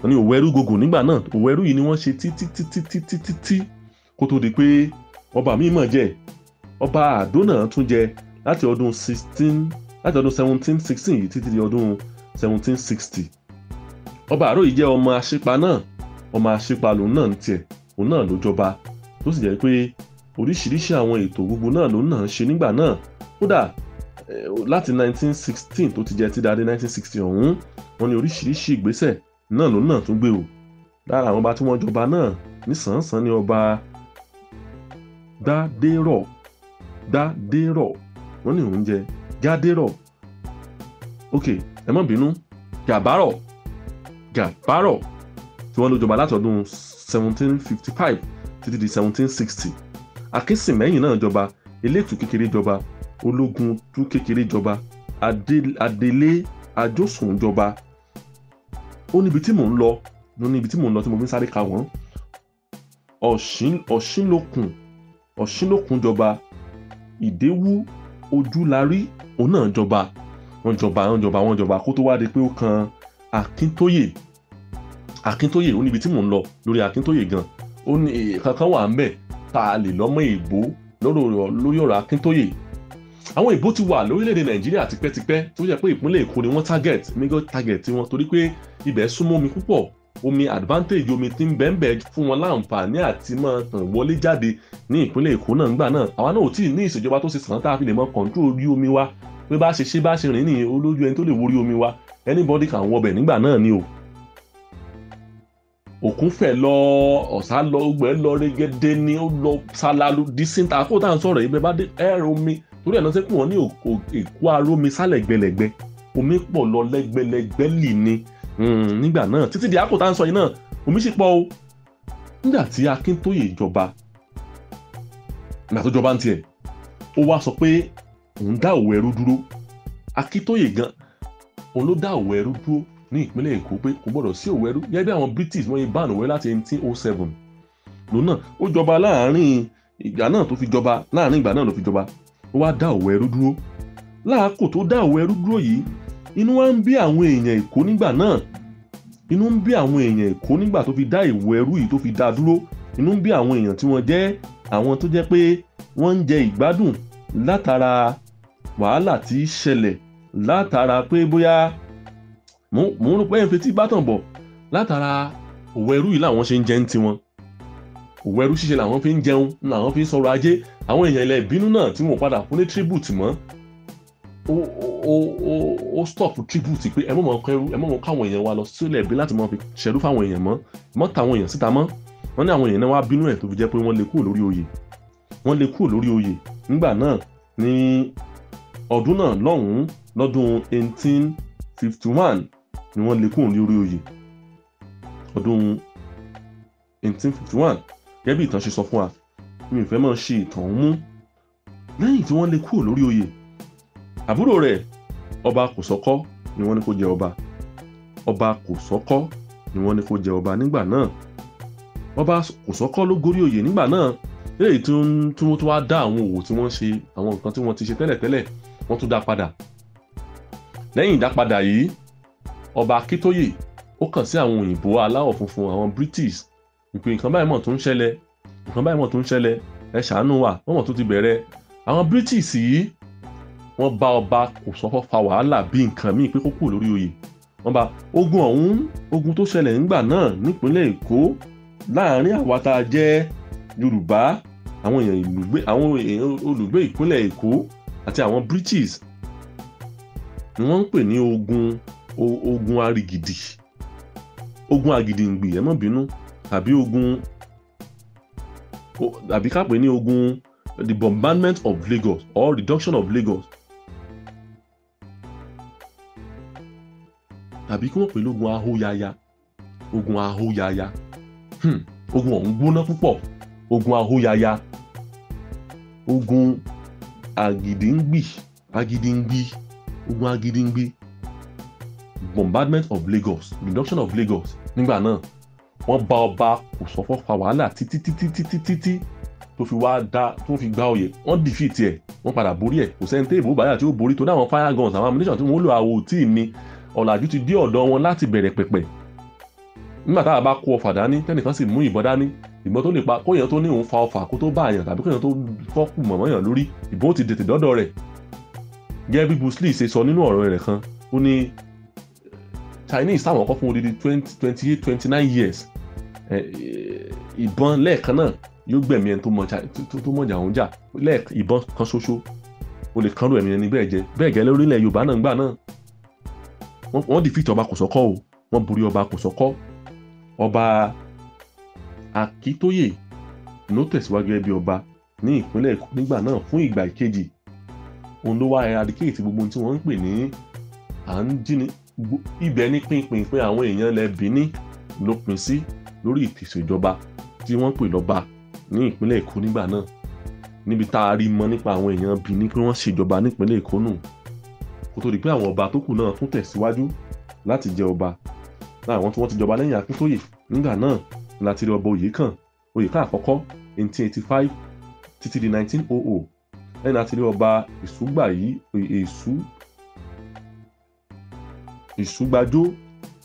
wọ́n ní òwò ẹrú gògò nígbà náà òwò ẹrú yìí ni wọ́n ṣe títítítítítítí kó tó di pé ọba míì mọ̀ jẹ́ ọba àdó náà tún jẹ láti ọdún sixteen láti ọdún seventeen sixteen yìí títí di ọdún seventeen sixty ọba àrò yìí jẹ́ ọmọ àṣepa náà ọmọ àṣepa lòun náà ń tiẹ̀ òun náà ló jọba tó sì jẹ́ pé oríṣiríṣi àwọn ètò gbogbo náà lòun náà ń ṣe nígbà náà kódà eh, láti nineteen sixteen tó ti jẹ́ ti darí nineteen sixty ọ̀hún wọ́n ní oríṣiríṣi ìgbésẹ̀ náà lòun náà tún gbé o lára àwọn ọba tí wọ́n jọba náà nísànsán ni ọba gbádérọ̀ gbádérọ̀ wọ́n ní òun jẹ gádérọ̀ ok ẹ má bínú gàbárọ̀ gàbárọ̀ tí wọ́n ló jọba látọdún seventeen fifty five títí di seventeen sixty akínsìnmẹ́yìn náà jọba elétù kékeré jọba ológun tú kékeré jọba adélé ajósùn jọba ó níbi tí mò ń lọ ló níbi tí mò ń lọ tí mo fi ń sáré ka wọ́n ọ̀ṣínlókun ọ̀ṣínlókun jọba ìdéwú ojúlarí òun náà jọba wọ́n jọba wọ́n jọba wọ́n jọba kó tó wá di pé ó kan akíntóyè akíntóyè ó níbi tí mò ń lọ lórí akíntóyè gan ó ní kankan wà ń bẹ̀ tá lè lọ́mọ èèbó lórí ọ̀rọ̀ akíntóyè àwọn ìbò ti wà lórílẹ̀‐èdè nàìjíríà tipẹ́tipẹ́ tó yẹ pé ìpínlẹ̀ èkó ni wọ́n target mega target wọn torí pé ibẹ̀ súnmọ́ omi púpọ̀ omi advantage omi tí ń bẹ́ẹ̀nbẹ́ẹ́ fún wọn láǹfààní àti máa tàn wọlé jáde ní ìpínlẹ̀ èkó náà ńgbà náà àwa náà ò tí ì ní ìṣèjọba tó ṣe sàn tá a fi lè mọ kọ̀ǹtró orí omi wa pé bá ṣe ṣe bá ṣe rìn ní olójú ẹni tó lè worí omi wa anybody kan wọbẹ̀ nígbà náà ni o. òkun fẹ̀ lọ ọ̀sá lọ ọgbẹ́ lọ rẹ́gẹ́dẹ́ ni ó lọ ṣalalu dísìntà kó tá à ń sọ̀rọ̀ yìí bẹ́ẹ̀ bá dé ẹ̀rọ omi torí ẹ̀ lọ sí pé wọ́n ní èkó arómi sálẹ̀ gbẹlẹ̀gbẹ omi pọ̀ lọ lẹ́gbẹ̀lẹ́gbẹ́ lì ni hmm, nígbà náà títí di àkótá ń sọ yìí náà omi sì pọ̀ o nígbà tí Akíntóyè jọba nígbà tó jọba ń tiẹ̀ ó wá sọ pé òun dá òwò ẹrú dúró Akíntóyè gan òun ló dá òwò ẹrú dúró ní ìpínlẹ̀ Èkó pé kò gbọ́dọ̀ sí òwò ẹrú gẹ́gẹ́ bí àwọn British wọ́n yí ban òwò ẹrú láti 1807 lónà ó jọba láàárín ìgbà náà tó fi jọba láàárín ìgbà náà ló fi jọba ó wá dá òwò ẹrú dúró láàkò tó dá òwò ẹrú dúró yìí inú wa ń bí àwọn èèyàn èkó nígbà náà inú ń bí àwọn èèyàn èkó nígbà tó fi dá ìwò ẹrú yìí tó fi dá dúró inú ń bí àwọn èèyàn tí wọ́n jẹ́ àwọn tó jẹ́ pé wọ́n ń jẹ ìgbádùn látara wàhálà tí í ṣẹlẹ̀ látara pé bóyá mò ń rò pé ẹ̀ ń fetí bátàn bọ̀ látara òwò ẹrú yìí làwọn ṣe ń jẹ́ ń tiwọn òwò ẹrú ṣíṣe làwọn fi ń jẹun làwọn fi ń sọ̀rọ̀ ajé àwọn èèyàn ilẹ̀ ìbínú náà tí wọ́n padà fún ní tribute mọ́ ó stop tribute pé ẹ mọ̀ mọ̀ kẹrù ẹ mọ̀ mọ̀ káwọn èèyàn wa lọ sílẹ̀ bí láti mọ̀ fi ṣẹ̀rú fáwọn èèyàn mọ́ mọ́ táwọn èèyàn síta mọ́ wọ́n ní àwọn èèyàn náà wá bínú ẹ̀ tó fi jẹ́ pé wọ́n lè kúrò lórí oyè wọ́n lè kúrò lórí oyè nígbà náà ní ọdún náà lọ́hùn-ún lọ́dún 1851 ni wọ́n lè kúrò lórí oyè ọdún 1851 gẹ́gẹ́ bí ìtàn ṣe sọ fún wa mi ò fẹ́ máa ṣe ìtàn mú lẹ́yìn tí wọ́n lé kúrò lórí oyè àbúrò rẹ̀ ọba Kòsọ́kọ́ ni wọ́n ní kó jẹ ọba ọba Kòsọ́kọ́ ni wọ́n ní kó jẹ ọba nígbà náà ọba Kòsọ́kọ́ ló gorí oyè nígbà náà eléyìí tí wọ́n tún wá dá àwọn òwò tí wọ́n ṣe àwọn nǹkan tí wọ́n ti ṣe tẹ́lẹ̀tẹ́lẹ̀ wọ́n tún dá padà lẹ́yìn ìdápadà yìí ọba Akíntóyè ó kàn sí àwọn òyìnbó aláwọ̀ funfun àwọn British ìpè nǹkan báyìí mọ̀ tó ń ṣẹlẹ̀ nǹkan báyìí mọ̀ tó ń ṣẹlẹ̀ ẹ ṣàánú wa wọ́n mọ̀ tó ti bẹ̀rẹ̀ àwọn british yìí wọ́n bá ọba kò sọ́kọ́ fa wàhálà bí nǹkan míì pé kó kúrò lórí oyè wọ́n bá ogun ọ̀hún ogun tó ṣẹlẹ̀ nígbà náà nípínlẹ̀ èkó láàrin àwa tá a jẹ́ yorùbá àwọn èèyàn olùgbé ìpínlẹ̀ èkó àti àwọn british ni wọ́n ń pè ní ogun ogun arigidi ogun agidìǹgbì ẹ má bínú tàbí ogun àbí ká ní ogun the bombardment of Lagos or reduction of Lagos tàbí kí wọ́n pè ní ogun ahóyaya ogun ahóyaya hmm. ogun ọ̀hún gbóná púpọ̀ ogun ahóyaya ogun agidingbi agidingbi ogun agidingbi bombardment of Lagos reduction of Lagos nígbà náà wọ́n bá ọba kò sọ fọ́ fa wàhálà títí títí títí títí tó fi wá dá tó fi gba oyè wọ́n defeat ẹ̀ wọ́n padà borí ẹ̀ kò sẹ́ni téèbù báyà tí ó borí tó dáwọn fire guns àwọn ammunition tí wọ́n lò àwò tí ì ní ọ̀làjú ti dé ọ̀dọ̀ wọn láti bẹ̀rẹ̀ pẹ̀pẹ̀ nígbà táwa bá kó ọfà dání tẹnìkan sì mú ìbọn dání ìbọn tó lè pa kóyàn tó ní òun fa ọfà kó tó bá àyàn tàbí kóyàn tó fọ́kù mọ̀mọ́ yàn lórí ìbọn ó ti dètè dọ́dọ̀ rẹ̀ gẹ́gẹ́ bí Bruce Lee ṣe sọ nínú ọ̀rọ̀ rẹ̀ kan ó ní chinese táwọn kọ́ fún odidi twenty twenty eight twenty nine years ìbọn lẹ́ẹ̀kan náà yóò gbẹ̀mí ẹni tó mọ̀jà òun jà lẹ́ẹ̀kan ìbọn kan ṣoṣo o lè kánrò ẹ̀mí ẹni bẹ́ẹ̀ jẹ bẹ́ẹ̀ gẹ́lẹ́ orílẹ̀ yorùbá náà gbà náà wọ́n defeat ọba kòsọ́kọ́ o wọ́n borí ọba kòsọ́kọ́ ọba akitoye ló tẹ̀síwájú ẹbí ọba ní ìpínlẹ̀ èkó nígbà náà fún ìgbà ìkejì òun ló wá eradicate gbogbo ohun tí wọ́n ń pè ní à ń jíni ibẹ̀ ní pínpín àwọn èèyàn ilẹ̀ Benin ló pín sí lórí ìtìṣèjọba tí wọ́n pè lọ́ba ní ìpínlẹ̀ Èkó nígbà náà níbi tá a rí mọ̀ nípa àwọn èèyàn Benin pé wọ́n ṣèjọba nípínlẹ̀ Èkó nù kó tó di pé àwọn ọba tó kù náà tún tẹ̀síwájú láti jẹ ọba láwọn tí wọ́n ti jọba lẹ́yìn Akíntóyè nígbà náà láti rí ọba Oyèkán Oyèkán àkọ́kọ́ 1885 títí di 1900 lẹ́yìn láti rí ọba Ìsúgbàyí Èṣú ìṣùgbàjò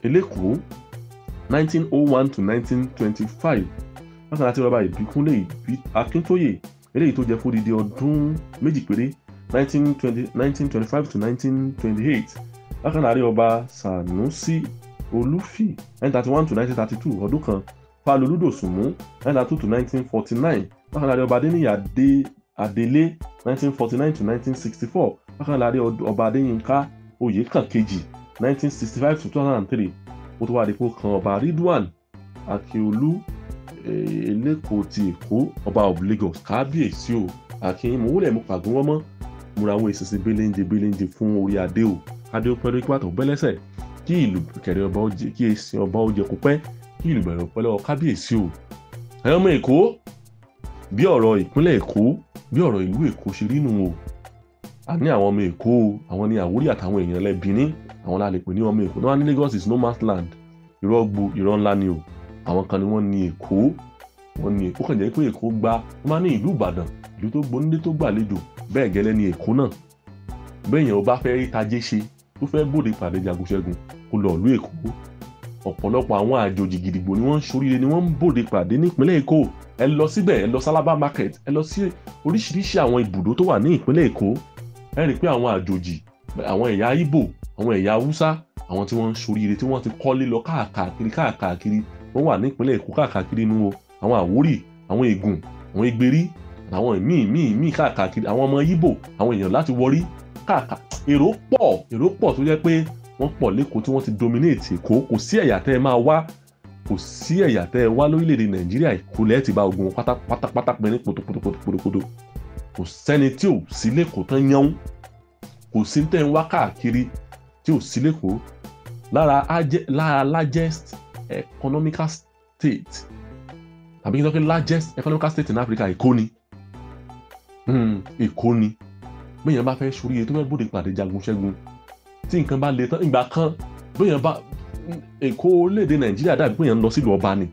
elékòó nineteen oh one to nineteen twenty five bákan láti rọba ìbíkúnlé ìbí akíntóyè eléyìí tó jẹ fódìdí ọdún méjì péré nineteen twenty five to nineteen twenty eight bákan láti ọba sànúsí olúfì nineteen thirty one to nineteen thirty two ọdún kan falolú nineteen thirty two to nineteen forty nine bákan láti ọba adéníyà dé adélé nineteen forty nine to nineteen sixty four bákan láti ọba adéyínká oyèkàn kejì 1965 to 2003 ó tún wá di pé ó kan ọba Ridwan Akiolu eh, eléko ti Èkó ọba of Lagos kábíyèsí o akin mòwúlẹ̀ mo pàgùn wọ́n mọ́ múra àwọn èsì sí béléńjẹ béléńjẹ fún orí adé o adé ó pẹ́ lórí pàtó bẹ́lẹ́sẹ̀ kí ìlú kẹ̀rẹ́ ọba ó jẹ kí èsì ọba ó jẹ kó pẹ́ kí ìlú bẹ̀rẹ̀ ọpẹ́ lọ́wọ́ kábíyèsí o ẹ̀yọ́mọ Èkó bí ọ̀rọ̀ ìpínlẹ̀ Èkó bí ọ̀rọ̀ ìlú Èkó ṣe rí nù o a ní àwọn ọmọ èkó àwọn ní àwórí àtàwọn èèyàn lẹ Benin àwọn la lè pè ní ọmọ èkó náà ní Lagos is no man's land irọ́ gbu irọ́ ńlá ni o àwọn kan ni wọ́n ní èkó wọ́n ní èkó kàn jẹ́ pé èkó gba wọ́n máa ní ìlú Ìbàdàn ìlú tó gbónílé tó gbàlejò bẹ́ẹ̀ gẹ́lẹ́ ní èkó náà bẹ́ẹ̀yàn ó bá fẹ́ rí tajé ṣe tó fẹ́ bòde pàdé jagun ṣẹ́gun kó lọ ìlú èkó ọ̀pọ̀lọpọ̀ àwọn àjòjì gidigbo ni wọ́n ń ṣoríire ni wọ́n ń bòde pàdé nípínlẹ̀ èkó ẹ lọ síbẹ̀ ẹ lọ sálábà market ẹ lọ sí oríṣiríṣi àwọn ibùdó tó wà ní ìpínlẹ̀ èkó ẹ rí i pé àwọn àjòjì àwọn ẹ̀yà Ìgbò àwọn ẹ̀yà Haúsá àwọn tí wọ́n ń ṣoríire tí wọ́n ti kọ́lé lọ káàkiri káàkiri wọ́n wà nípínlẹ̀ Èkó káàkiri nínú o àwọn Àwórì àwọn Ègùn àwọn Ìgbèrí àwọn míì míì míì káàkiri àwọn ọmọ Ìgbò àwọn èèyàn láti wọrí káàkà èrò pọ̀ èrò pọ̀ tó jẹ́ pé wọ́n pọ̀ lẹ́kọ̀ọ́ tí wọ́n ti dominate Èkó kò sí ẹ̀yà tẹ́ ẹ máa wá kò sí ẹ̀yà tẹ́ ẹ wá lórílẹ̀‐èdè Nàìjíríà ìkólẹ̀ ti bá ogun pátápátápátá pẹ́ẹ́rín pòtòpòtòpòtòpòtò kò sẹ́ni tí ò sí lẹ́kọ̀ọ́ tán yánwó kò sí tẹ́ ń wá káàkiri tí ò sí lẹ́kọ̀ọ́ lára lára largest economical state tàbí kí n sọ pé largest economical state in Africa Èkó ni hmm, Èkó ni bẹ́ẹ̀yàn bá fẹ́ sóríye tó fẹ́ bóde pàdé jagun ṣẹ́gun tí nǹkan bá le tán ìgbà kan bẹ́ẹ̀yàn bá Èkó léde Nàìjíríà dàbí bẹ́ẹ̀yàn lọ sílùú ọba ni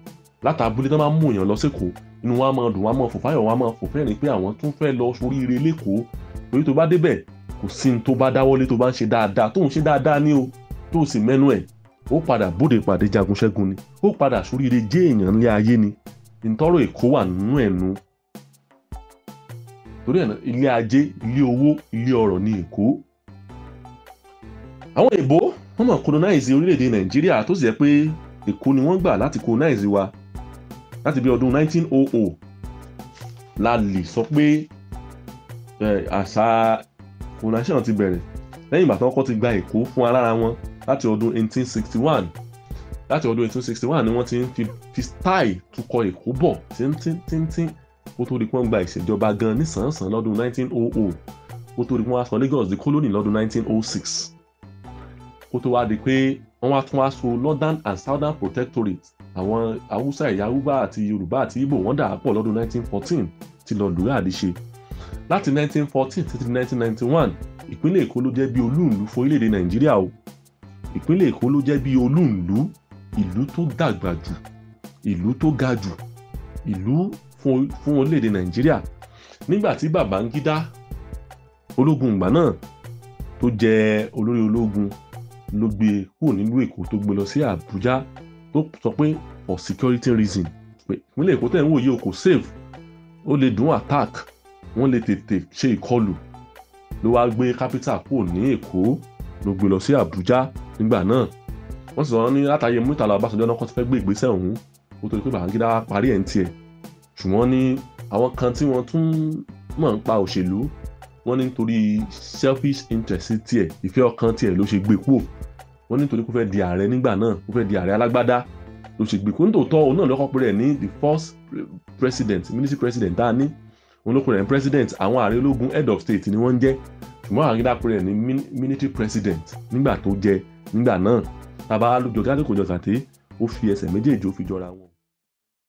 látàbúlé tán máa mú èèyàn lọ sí Èkó inú wa máa dùn wa máa fò fáyọ̀ wa máa fò fẹ́rìn pé àwọn tún fẹ́ lọ soríire lẹ́kọ̀ọ́ torí tó bá débẹ̀ kò sí ní tó bá dáwọ́lé tó bá ń ṣe dáadáa tó ń ṣe dáadáa ní o tó sì mẹ́nu ẹ̀ ó padà bóde pàdé jagun ṣẹ́gun ni ó padà soríire jẹ́ èèyàn ńlẹ́ ayé ni ìtọ́rọ̀ èkó wà nínú ẹ̀nu torí ẹ̀nà ilé ajé ilé owó ilé ọrọ̀ ní èkó àwọn èèbó wọ́n mọ̀ colonize orílẹ̀-èdè nàìjíríà tó sì jẹ́ pé èkó ni wọ́n gbà láti colonize wa láti bí ọdún 1900 la lè sọ pé àṣà colonization ti bẹ̀rẹ̀ lẹ́yìn ìgbà tí wọ́n kọ́ ti gba Èkó fún alára wọn láti ọdún 1861 láti ọdún 1861 ni wọ́n ti ń fi, fi style tukọ̀ Èkó bọ̀ tíntíntín kó tó di pé wọ́n gba ìṣèjọba gan nísànsán lọ́dún 1900 kó tó di pé wọ́n á sọ Lagos di colony lọ́dún 1906 kó tó wá di pé wọ́n wá tún wá so northern and southern protectorates àwọn haúsá ẹ̀yà Hausa àti yorùbá àti Ìgbò wọ́n dà á pọ̀ lọ́dún 1914 tí lọ́ndúnrún àdìṣe láti 1914 títí 1991 ìpínlẹ̀ èkó ló jẹ́ bí olúùlú fún orílẹ̀-èdè nàìjíríà o ìpínlẹ̀ èkó ló jẹ́ bí olúùlú ìlú tó dàgbà jù ìlú tó ga jù ìlú fún orílẹ̀-èdè nàìjíríà nígbà tí Babangida ológun ìgbà náà tó jẹ́ olórí ológun ló gbé e kúrò nílùú èkó tó gbé lọ sí àbújá tó sọ pé for security reason pé ìpínlẹ̀ èkó tẹ̀ ń wòye o kò save ó lè dùn attack wọ́n lè tètè ṣe ìkọlù ló wáá gbé capital kúrò ní èkó ló gbé lọ sí àbújá nígbà náà wọ́n sì sọ ní látàyè Murtala Ọbásanjọ́ náà kọ́ ti fẹ́ gbé ìgbésẹ̀ ọ̀hún ó torí pé Babangida wá parí ẹ̀ ń tiẹ̀ ṣùgbọ́n ní àwọn kan tí wọ́n tún mọ̀ ń pa òṣèlú wọ́n ní nítorí selfish interest tiẹ̀ ìfẹ́ ọkàn tiẹ̀ ló ṣe gbé kúrò wọ́n nítorí kó fẹ́ di ààrẹ nígbà náà kó fẹ́ di ààrẹ alágbádá ló ṣe gbé kóńtò tọ́ òun náà lọ́kọ̀ rẹ̀ ní the first president ministry president tá a ní òun ló rẹ̀ ní president àwọn ààrẹ ológun head of state ni wọ́n ń jẹ́ ṣùgbọ́n àwọn akíndá pè ní military president nígbà tó jẹ nígbà náà tàbá lójó dájú kò jọ tàtẹ́ ó fi ẹsẹ̀ méjèèjì ó fi jọra wọn.